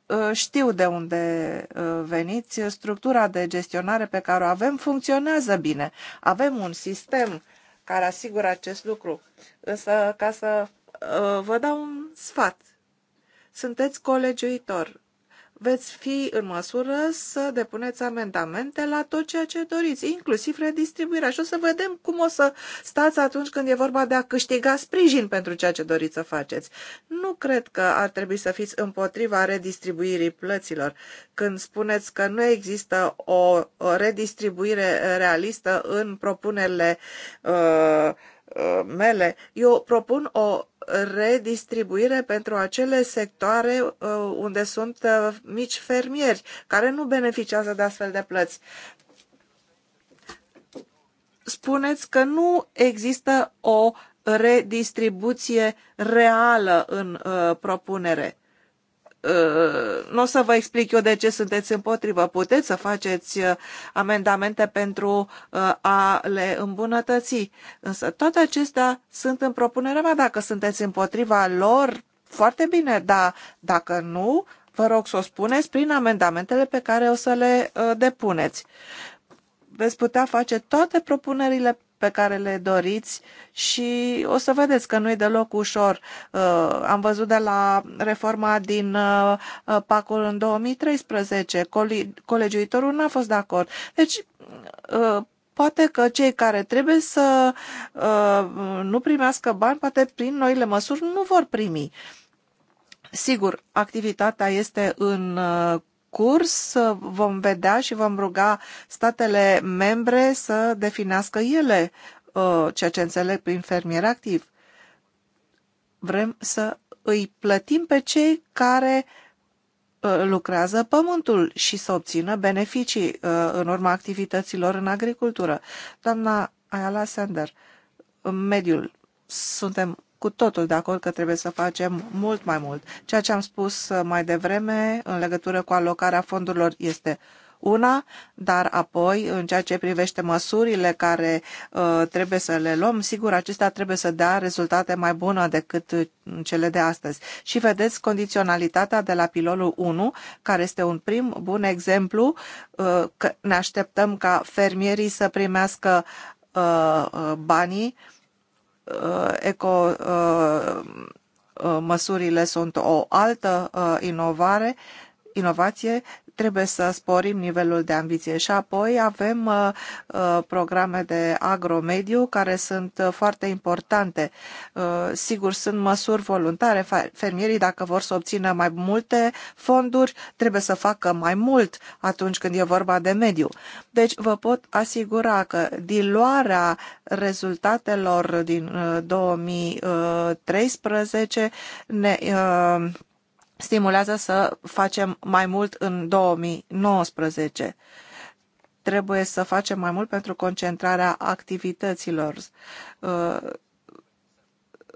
Uh, știu de unde uh, veniți, structura de gestionare pe care o avem funcționează bine. Avem un sistem care asigură acest lucru. Însă, ca să uh, vă dau un sfat, sunteți colegiuitor, veți fi în măsură să depuneți amendamente la tot ceea ce doriți, inclusiv redistribuirea. Și o să vedem cum o să stați atunci când e vorba de a câștiga sprijin pentru ceea ce doriți să faceți. Nu cred că ar trebui să fiți împotriva redistribuirii plăților. Când spuneți că nu există o redistribuire realistă în propunerile uh, uh mele, eu propun o redistribuire pentru acele sectoare uh, unde sunt uh, mici fermieri care nu beneficiază de astfel de plăți. Spuneți că nu există o redistribuție reală în uh, propunere. Uh, nu o să vă explic eu de ce sunteți împotrivă. Puteți să faceți uh, amendamente pentru uh, a le îmbunătăți. Însă toate acestea sunt în propunerea mea. Dacă sunteți împotriva lor, foarte bine, dar dacă nu, vă rog să o spuneți prin amendamentele pe care o să le depuneți. Veți putea face toate propunerile pe care le doriți și o să vedeți că nu e deloc ușor. Uh, am văzut de la reforma din uh, uh, pacul în 2013, colegiuitorul n-a fost de acord. Deci, poate că cei care trebuie să nu primească bani, poate prin noile măsuri, nu vor primi. Sigur, activitatea este în curs vom vedea și vom ruga statele membre să definească ele uh, ceea ce înțeleg prin fermier activ. Vrem să îi plătim pe cei care uh, lucrează pământul și să obțină beneficii uh, în urma activităților în agricultură. Doamna Ayala Sender, mediul. Suntem cu totul de acord că trebuie să facem mult mai mult. Ceea ce am spus uh, mai devreme în legătură cu alocarea fondurilor este una, dar apoi, în ceea ce privește măsurile care uh, trebuie să le luăm, sigur, acestea trebuie să dea rezultate mai bune decât uh, cele de astăzi. Și vedeți condiționalitatea de la pilolul 1, care este un prim bun exemplu, uh, că ne așteptăm ca fermierii să primească uh, uh banii uh, Uh, eco uh, uh, măsurile sunt o altă inovare, inovație, trebuie să sporim nivelul de ambiție și apoi avem uh, uh programe de agromediu care sunt uh, foarte importante. Uh, sigur, sunt măsuri voluntare. Fermierii, dacă vor să obțină mai multe fonduri, trebuie să facă mai mult atunci când e vorba de mediu. Deci vă pot asigura că diluarea rezultatelor din uh, 2013 uh, ne stimulează să facem mai mult în 2019. Trebuie să facem mai mult pentru concentrarea activităților. Uh,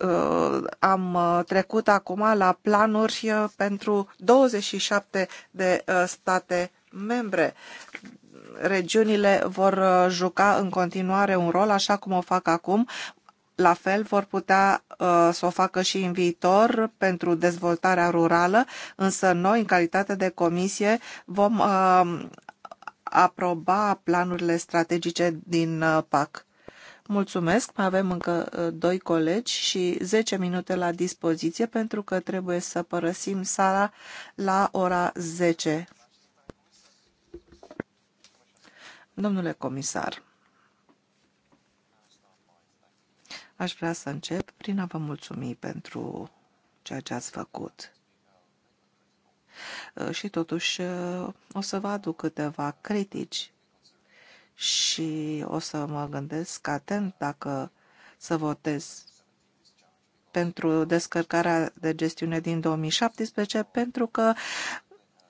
uh, am uh, trecut acum la planuri pentru 27 de state membre. Regiunile vor juca în continuare un rol, așa cum o fac acum, la fel vor putea uh, să o facă și în viitor pentru dezvoltarea rurală, însă noi, în calitate de comisie, vom uh, aproba planurile strategice din uh, PAC. Mulțumesc, mai avem încă uh, doi colegi și 10 minute la dispoziție pentru că trebuie să părăsim sala la ora 10. Domnule comisar. Aș vrea să încep prin a vă mulțumi pentru ceea ce ați făcut. Uh, și totuși uh, o să vă aduc câteva critici și o să mă gândesc atent dacă să votez pentru descărcarea de gestiune din 2017, pentru că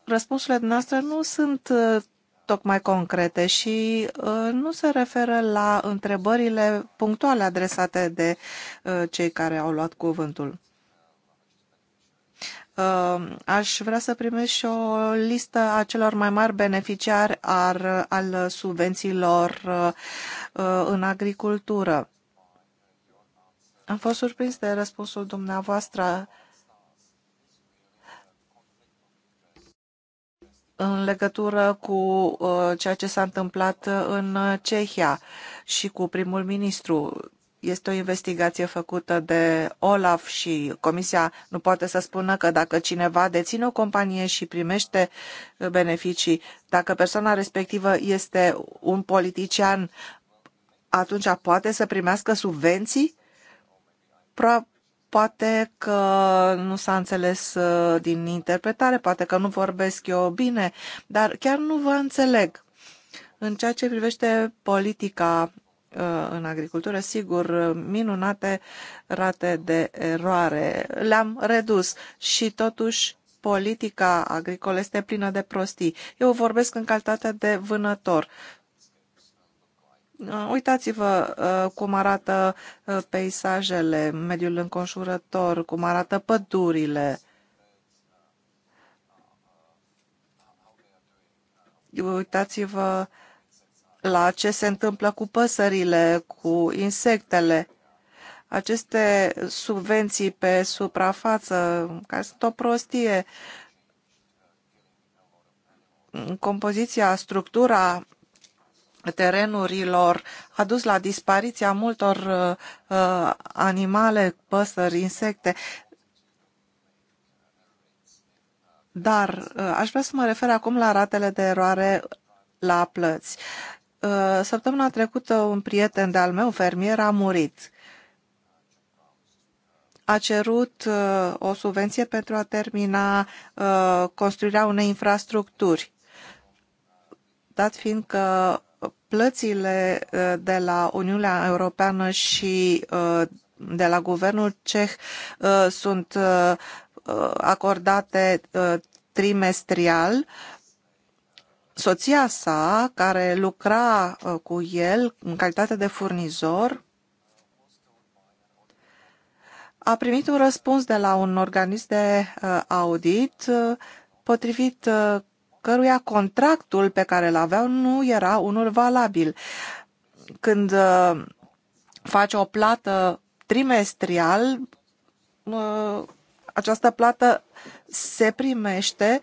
răspunsurile noastre nu sunt uh, tocmai concrete și uh, nu se referă la întrebările punctuale adresate de uh, cei care au luat cuvântul. Uh, aș vrea să primești și o listă a celor mai mari beneficiari ar, al subvențiilor în agricultură. Am fost surprins de răspunsul dumneavoastră în legătură cu uh, ceea ce s-a întâmplat în Cehia și cu primul ministru. Este o investigație făcută de Olaf și Comisia nu poate să spună că dacă cineva deține o companie și primește beneficii, dacă persoana respectivă este un politician, atunci poate să primească subvenții? Pro Poate că nu s-a înțeles uh, din interpretare, poate că nu vorbesc eu bine, dar chiar nu vă înțeleg. În ceea ce privește politica uh, în agricultură, sigur, minunate rate de eroare. Le-am redus și totuși politica agricolă este plină de prostii. Eu vorbesc în calitate de vânător Uh, uitați-vă uh, cum arată uh, peisajele, mediul înconjurător, cum arată pădurile. Uitați-vă la ce se întâmplă cu păsările, cu insectele. Aceste subvenții pe suprafață, care sunt o prostie, compoziția, structura terenurilor a dus la dispariția multor uh, uh, animale, păsări, insecte. Dar uh, aș vrea să mă refer acum la ratele de eroare la plăți. Uh, săptămâna trecută un prieten de-al meu, fermier, a murit. A cerut uh, o subvenție pentru a termina uh, construirea unei infrastructuri. Dat fiind că plățile uh, de la Uniunea Europeană și uh, de la guvernul ceh uh, sunt acordate trimestrial. Soția sa, care lucra cu el în calitate de furnizor, a primit un răspuns de la un organism de audit potrivit căruia contractul pe care îl aveau nu era unul valabil. Când uh, faci o plată trimestrial, uh, această plată se primește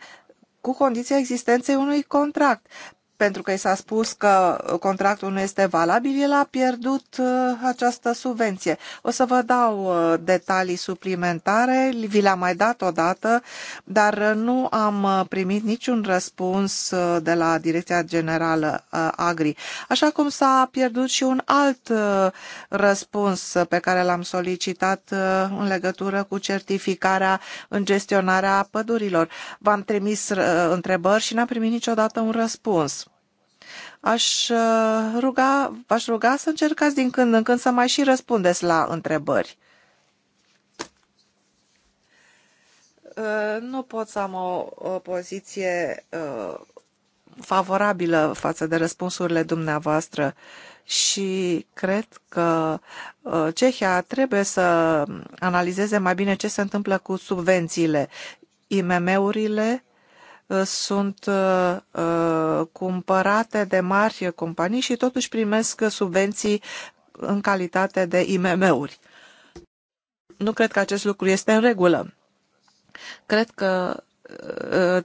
cu condiția existenței unui contract pentru că i s-a spus că contractul nu este valabil, el a pierdut uh, această subvenție. O să vă dau uh, detalii suplimentare, vi le-am mai dat odată, dar uh, nu am primit niciun răspuns de la Direcția Generală Agri. Așa cum s-a pierdut și un alt răspuns pe care l-am solicitat în legătură cu certificarea în gestionarea pădurilor. V-am trimis întrebări și n-am primit niciodată un răspuns. Aș uh, ruga, v-aș ruga să încercați din când în când să mai și răspundeți la întrebări. Uh, nu pot să am o, o poziție uh, favorabilă față de răspunsurile dumneavoastră și cred că Cehia trebuie să analizeze mai bine ce se întâmplă cu subvențiile. IMM-urile Uh, sunt uh, uh, cumpărate de mari companii și totuși primesc subvenții în calitate de IMM-uri. Nu cred că acest lucru este în regulă. Cred că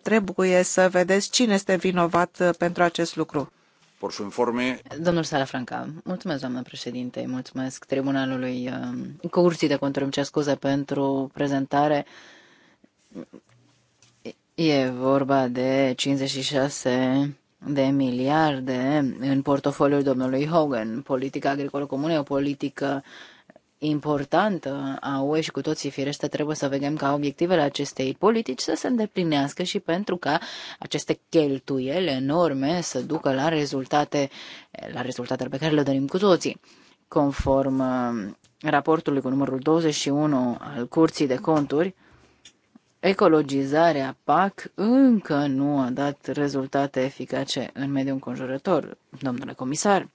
trebuie să vedeți cine este vinovat pentru acest lucru. Por su informe. Domnul Salafranca, mulțumesc, doamnă președinte, mulțumesc tribunalului um, Curții de Contrum, ce scuze pentru prezentare. E vorba de 56 de miliarde în portofoliul domnului Hogan. Politica agricolă comună e o politică importantă a UE și cu toții firește trebuie să vedem ca obiectivele acestei politici să se îndeplinească și pentru ca aceste cheltuieli enorme să ducă la rezultate, la rezultatele pe care le dorim cu toții. Conform uh, raportului cu numărul 21 al Curții de Conturi, ecologizarea PAC încă nu a dat rezultate eficace în mediul înconjurător. Domnule comisar,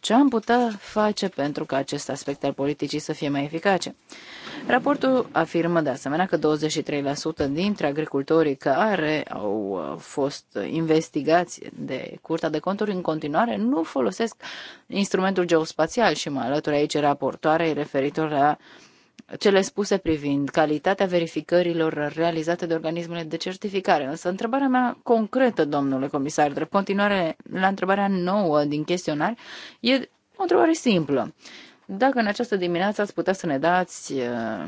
ce am putea face pentru ca acest aspect al politicii să fie mai eficace? Raportul afirmă de asemenea că 23% dintre agricultorii care au uh, fost investigați de Curtea de Conturi în continuare nu folosesc instrumentul geospațial și mă alătur aici raportoarei referitor la uh, cele spuse privind calitatea verificărilor realizate de organismele de certificare. Însă întrebarea mea concretă, domnule comisar, drept continuare la întrebarea nouă din chestionar, e o întrebare simplă. Dacă în această dimineață ați putea să ne dați uh,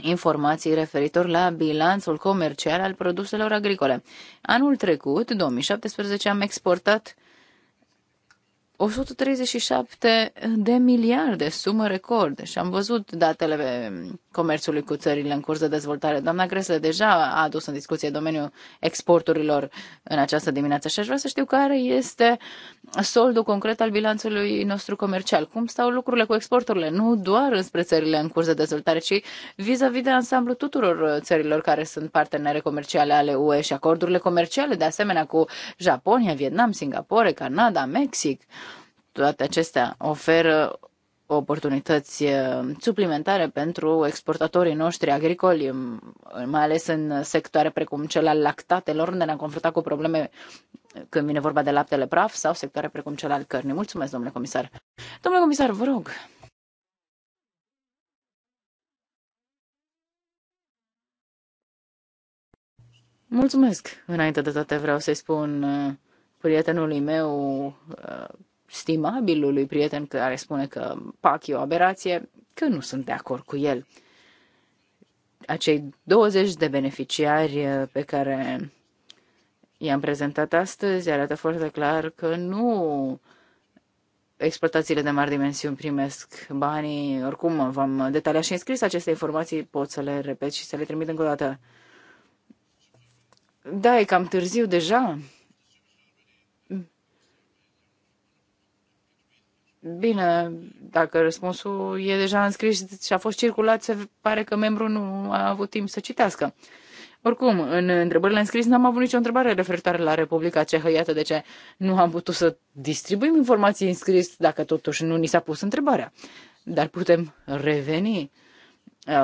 informații referitor la bilanțul comercial al produselor agricole. Anul trecut, 2017, am exportat 137 de miliarde, sumă record. Și am văzut datele comerțului cu țările în curs de dezvoltare. Doamna Gresle deja a adus în discuție domeniul exporturilor în această dimineață și aș vrea să știu care este soldul concret al bilanțului nostru comercial. Cum stau lucrurile cu exporturile, nu doar înspre țările în curs de dezvoltare, ci vis-a-vis -vis de ansamblu tuturor țărilor care sunt partenere comerciale ale UE și acordurile comerciale, de asemenea cu Japonia, Vietnam, Singapore, Canada, Mexic. Toate acestea oferă oportunități eh, suplimentare pentru exportatorii noștri agricoli, mm, mai ales în sectoare precum cel al lactatelor, unde ne-am confruntat cu probleme eh, când vine vorba de laptele praf sau sectoare precum cel al cărnii. Mulțumesc, domnule comisar. Domnule comisar, vă rog. Mulțumesc. Înainte de toate vreau să-i spun eh, prietenului meu, stimabilului prieten care spune că PAC e o aberație, că nu sunt de acord cu el. Acei 20 de beneficiari uh, pe care i-am prezentat astăzi arată foarte clar că nu exploatațiile de mari dimensiuni primesc banii. Oricum, v-am detaliat și înscris aceste informații, pot să le repet și să le trimit încă o dată. Da, e cam târziu deja. Bine, dacă răspunsul e deja înscris și a fost circulat, se pare că membrul nu a avut timp să citească. Oricum, în întrebările înscris n-am avut nicio întrebare referitoare la Republica Cehă, iată de ce nu am putut să distribuim informații înscris dacă totuși nu ni s-a pus întrebarea. Dar putem reveni.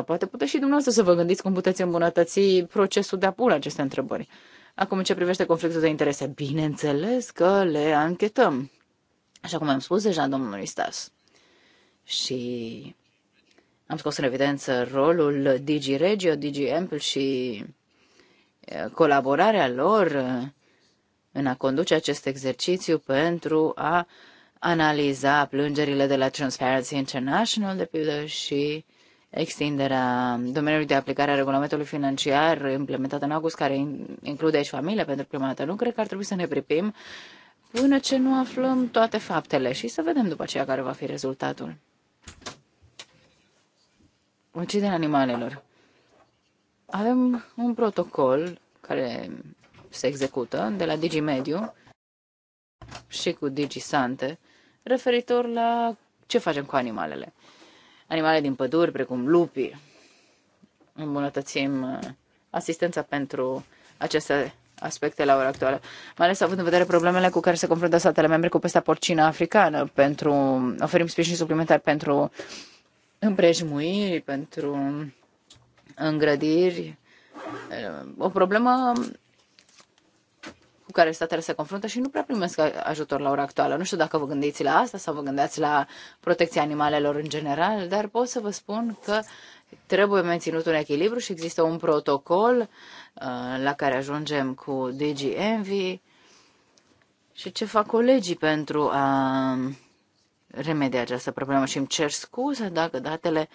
Poate puteți și dumneavoastră să vă gândiți cum puteți îmbunătăți procesul de a pune aceste întrebări. Acum, în ce privește conflictul de interese, bineînțeles că le anchetăm așa cum am spus deja domnului Stas. Și am scos în evidență rolul Digi Regio, Digi Ample și colaborarea lor în a conduce acest exercițiu pentru a analiza plângerile de la Transparency International, de pildă, și extinderea domeniului de aplicare a regulamentului financiar implementat în august, care include și familia pentru prima dată. Nu cred că ar trebui să ne pripim până ce nu aflăm toate faptele și să vedem după aceea care va fi rezultatul. Uciderea animalelor. Avem un protocol care se execută de la DigiMediu și cu DigiSante referitor la ce facem cu animalele. Animale din păduri, precum lupii, îmbunătățim uh, asistența pentru aceste aspecte la ora actuală, mai ales având în vedere problemele cu care se confruntă statele membre cu pesta porcină africană. Pentru, oferim sprijin suplimentar pentru împrejmuiri, pentru îngrădiri. O problemă cu care statele se confruntă și nu prea primesc ajutor la ora actuală. Nu știu dacă vă gândiți la asta sau vă gândeați la protecția animalelor în general, dar pot să vă spun că Trebuie menținut un echilibru și există un protocol uh, la care ajungem cu DGMV și ce fac colegii pentru a remedia această problemă și îmi cer scuze dacă datele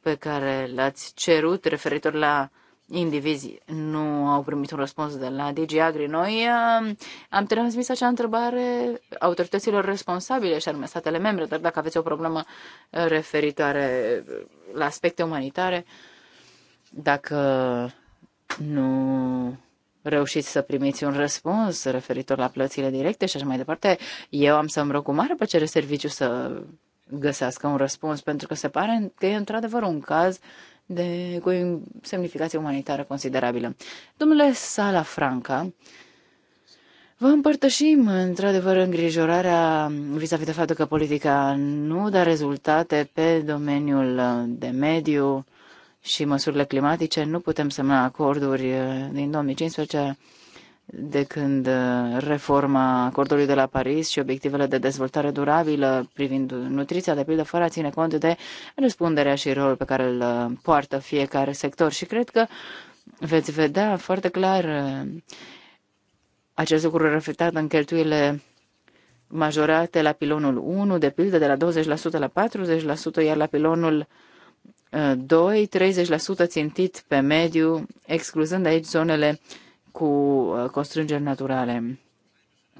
pe care le-ați cerut referitor la uh, indivizi nu au primit un răspuns de la DG Agri. Noi um, am transmis acea întrebare autorităților responsabile, și anume statele membre, dar dacă aveți o problemă uh, referitoare uh, la aspecte umanitare, dacă nu reușiți să primiți un răspuns referitor la plățile directe și așa mai departe, eu am să-mi rog cu mare plăcere serviciu să găsească un răspuns, pentru că se pare că e într-adevăr un caz de, cu o semnificație umanitară considerabilă. Domnule Sala Franca, Vă împărtășim, într-adevăr, îngrijorarea vis-a-vis -vis de faptul că politica nu dă rezultate pe domeniul de mediu și măsurile climatice. Nu putem semna acorduri uh, din 2015 de când uh, reforma acordului de la Paris și obiectivele de dezvoltare durabilă privind nutriția, de pildă, fără a ține cont de răspunderea și rolul pe care îl uh, poartă fiecare sector. Și cred că veți vedea foarte clar uh, acest lucru reflectat în cheltuielile majorate la pilonul 1, de pildă, de la 20% la 40%, iar la pilonul 2, 30% țintit pe mediu, excluzând aici zonele uh, cu uh, constrângeri naturale.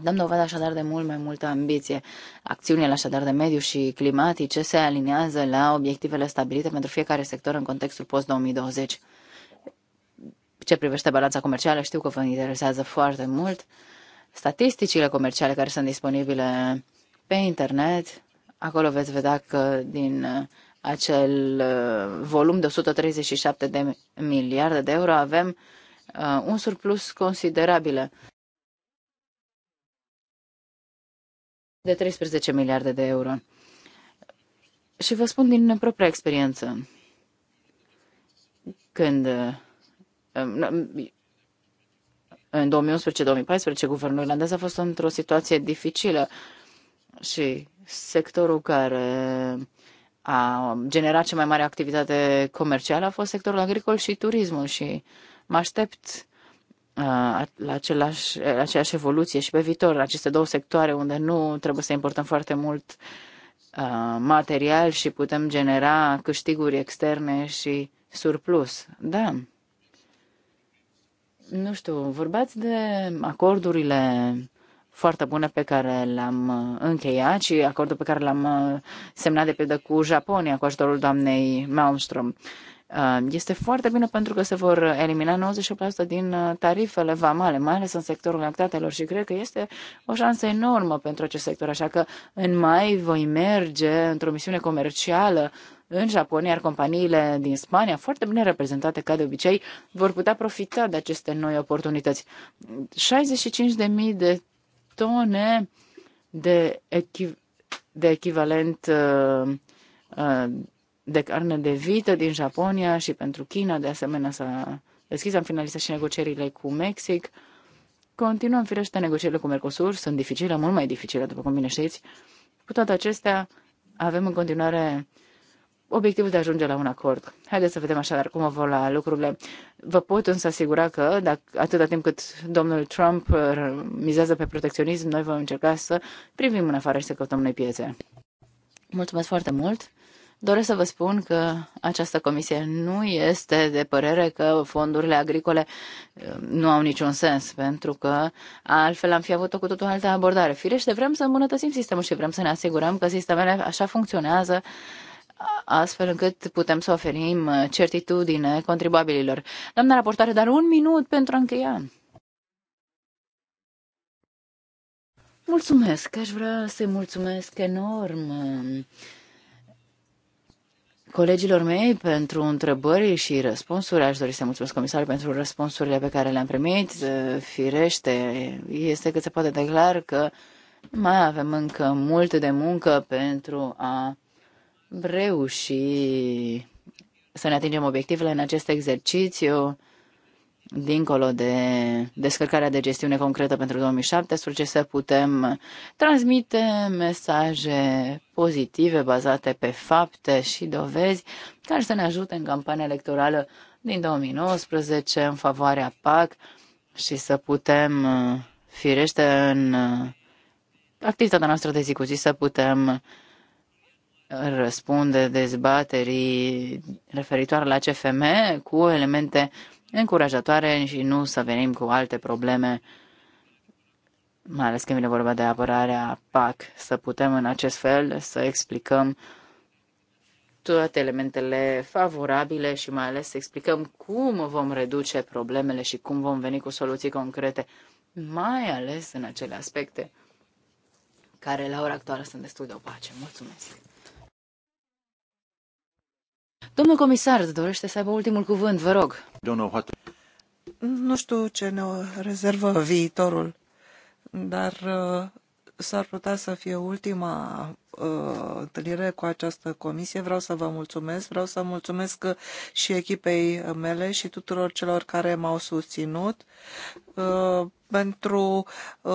Dăm dovadă așadar de mult mai multă ambiție. Acțiunile așadar de mediu și climatice se aliniază la obiectivele stabilite pentru fiecare sector în contextul post-2020. Ce privește balanța comercială, știu că vă interesează foarte mult. Statisticile comerciale care sunt disponibile pe internet, acolo veți vedea că din uh, acel uh, volum de 137 de miliarde de euro avem Uh, un surplus considerabil de 13 miliarde de euro. Și vă spun din propria experiență, când uh, în 2011-2014 guvernul irlandez a fost într-o situație dificilă și sectorul care a generat cea mai mare activitate comercială a fost sectorul agricol și turismul și Mă aștept uh, la, același, la aceeași evoluție și pe viitor, la aceste două sectoare unde nu trebuie să importăm foarte mult uh, material și putem genera câștiguri externe și surplus. Da. Nu știu, vorbați de acordurile foarte bune pe care le-am uh, încheiat și acordul pe care l-am semnat de pildă cu Japonia, cu ajutorul doamnei Malmström. Uh, este foarte bine pentru că se vor elimina 98% din uh, tarifele vamale, mai ales în sectorul lactatelor și cred că este o șansă enormă pentru acest sector, așa că în mai voi merge într-o misiune comercială în Japonia, iar companiile din Spania, foarte bine reprezentate ca de obicei, vor putea profita de aceste noi oportunități. 65.000 de tone de, echiv- de echivalent uh, uh, de carne de vită din Japonia și pentru China, de asemenea s-a deschis, am finalizat și negocierile cu Mexic. Continuăm, firește, negocierile cu Mercosur, sunt dificile, mult mai dificile, după cum bine știți. Cu toate acestea, avem în continuare obiectivul de a ajunge la un acord. Haideți să vedem așadar cum vor la lucrurile. Vă pot însă asigura că dacă, atâta timp cât domnul Trump uh, mizează pe protecționism, noi vom încerca să privim în afară și să căutăm noi piețe. Mulțumesc foarte mult! Doresc să vă spun că această comisie nu este de părere că fondurile agricole uh, nu au niciun sens, pentru că altfel am fi avut o cu totul altă abordare. Firește, vrem să îmbunătățim sistemul și vrem să ne asigurăm că sistemele așa funcționează astfel încât putem să oferim uh, certitudine contribuabililor. Doamna raportoare, dar un minut pentru a încheia. Mulțumesc, aș vrea să-i mulțumesc enorm uh, colegilor mei pentru întrebări și răspunsuri. Aș dori să mulțumesc comisar pentru răspunsurile pe care le-am primit. Eh, firește, este cât se poate de clar că mai avem încă mult de muncă pentru a reuși să ne atingem obiectivele în acest exercițiu dincolo de descărcarea de gestiune concretă pentru 2017, să putem transmite mesaje pozitive bazate pe fapte și dovezi care să ne ajute în campania electorală din 2019 în favoarea PAC și să putem, firește, în activitatea noastră de zi cu zi, să putem răspunde dezbaterii referitoare la CFM cu elemente încurajatoare și nu să venim cu alte probleme, mai ales când vine vorba de apărarea PAC, să putem în acest fel să explicăm toate elementele favorabile și mai ales să explicăm cum vom reduce problemele și cum vom veni cu soluții concrete, mai ales în acele aspecte care la ora actuală sunt destul de opace. Mulțumesc! Domnul comisar, dorește să aibă ultimul cuvânt, vă rog. Nu știu ce ne rezervă viitorul, dar uh, s-ar putea să fie ultima uh, întâlnire cu această comisie. Vreau să vă mulțumesc, vreau să mulțumesc și echipei mele și tuturor celor care m-au susținut uh, pentru uh,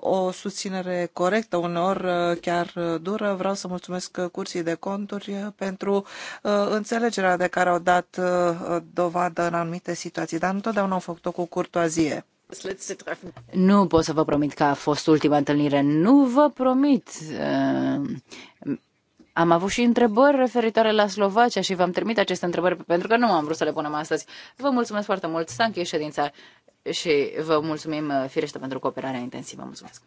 o susținere corectă, uneori uh, chiar dură. Vreau să mulțumesc curții de conturi pentru uh, înțelegerea de care au dat uh, dovadă în anumite situații, dar întotdeauna au făcut-o cu curtoazie. Nu pot să vă promit că a fost ultima întâlnire. Nu vă promit. Eh, am avut și întrebări referitoare la Slovacia și v-am trimit aceste întrebări pentru că nu am vrut să le punem astăzi. Vă mulțumesc foarte mult. S-a încheiat ședința și vă mulțumim eh, firește pentru cooperarea intensivă. Mulțumesc!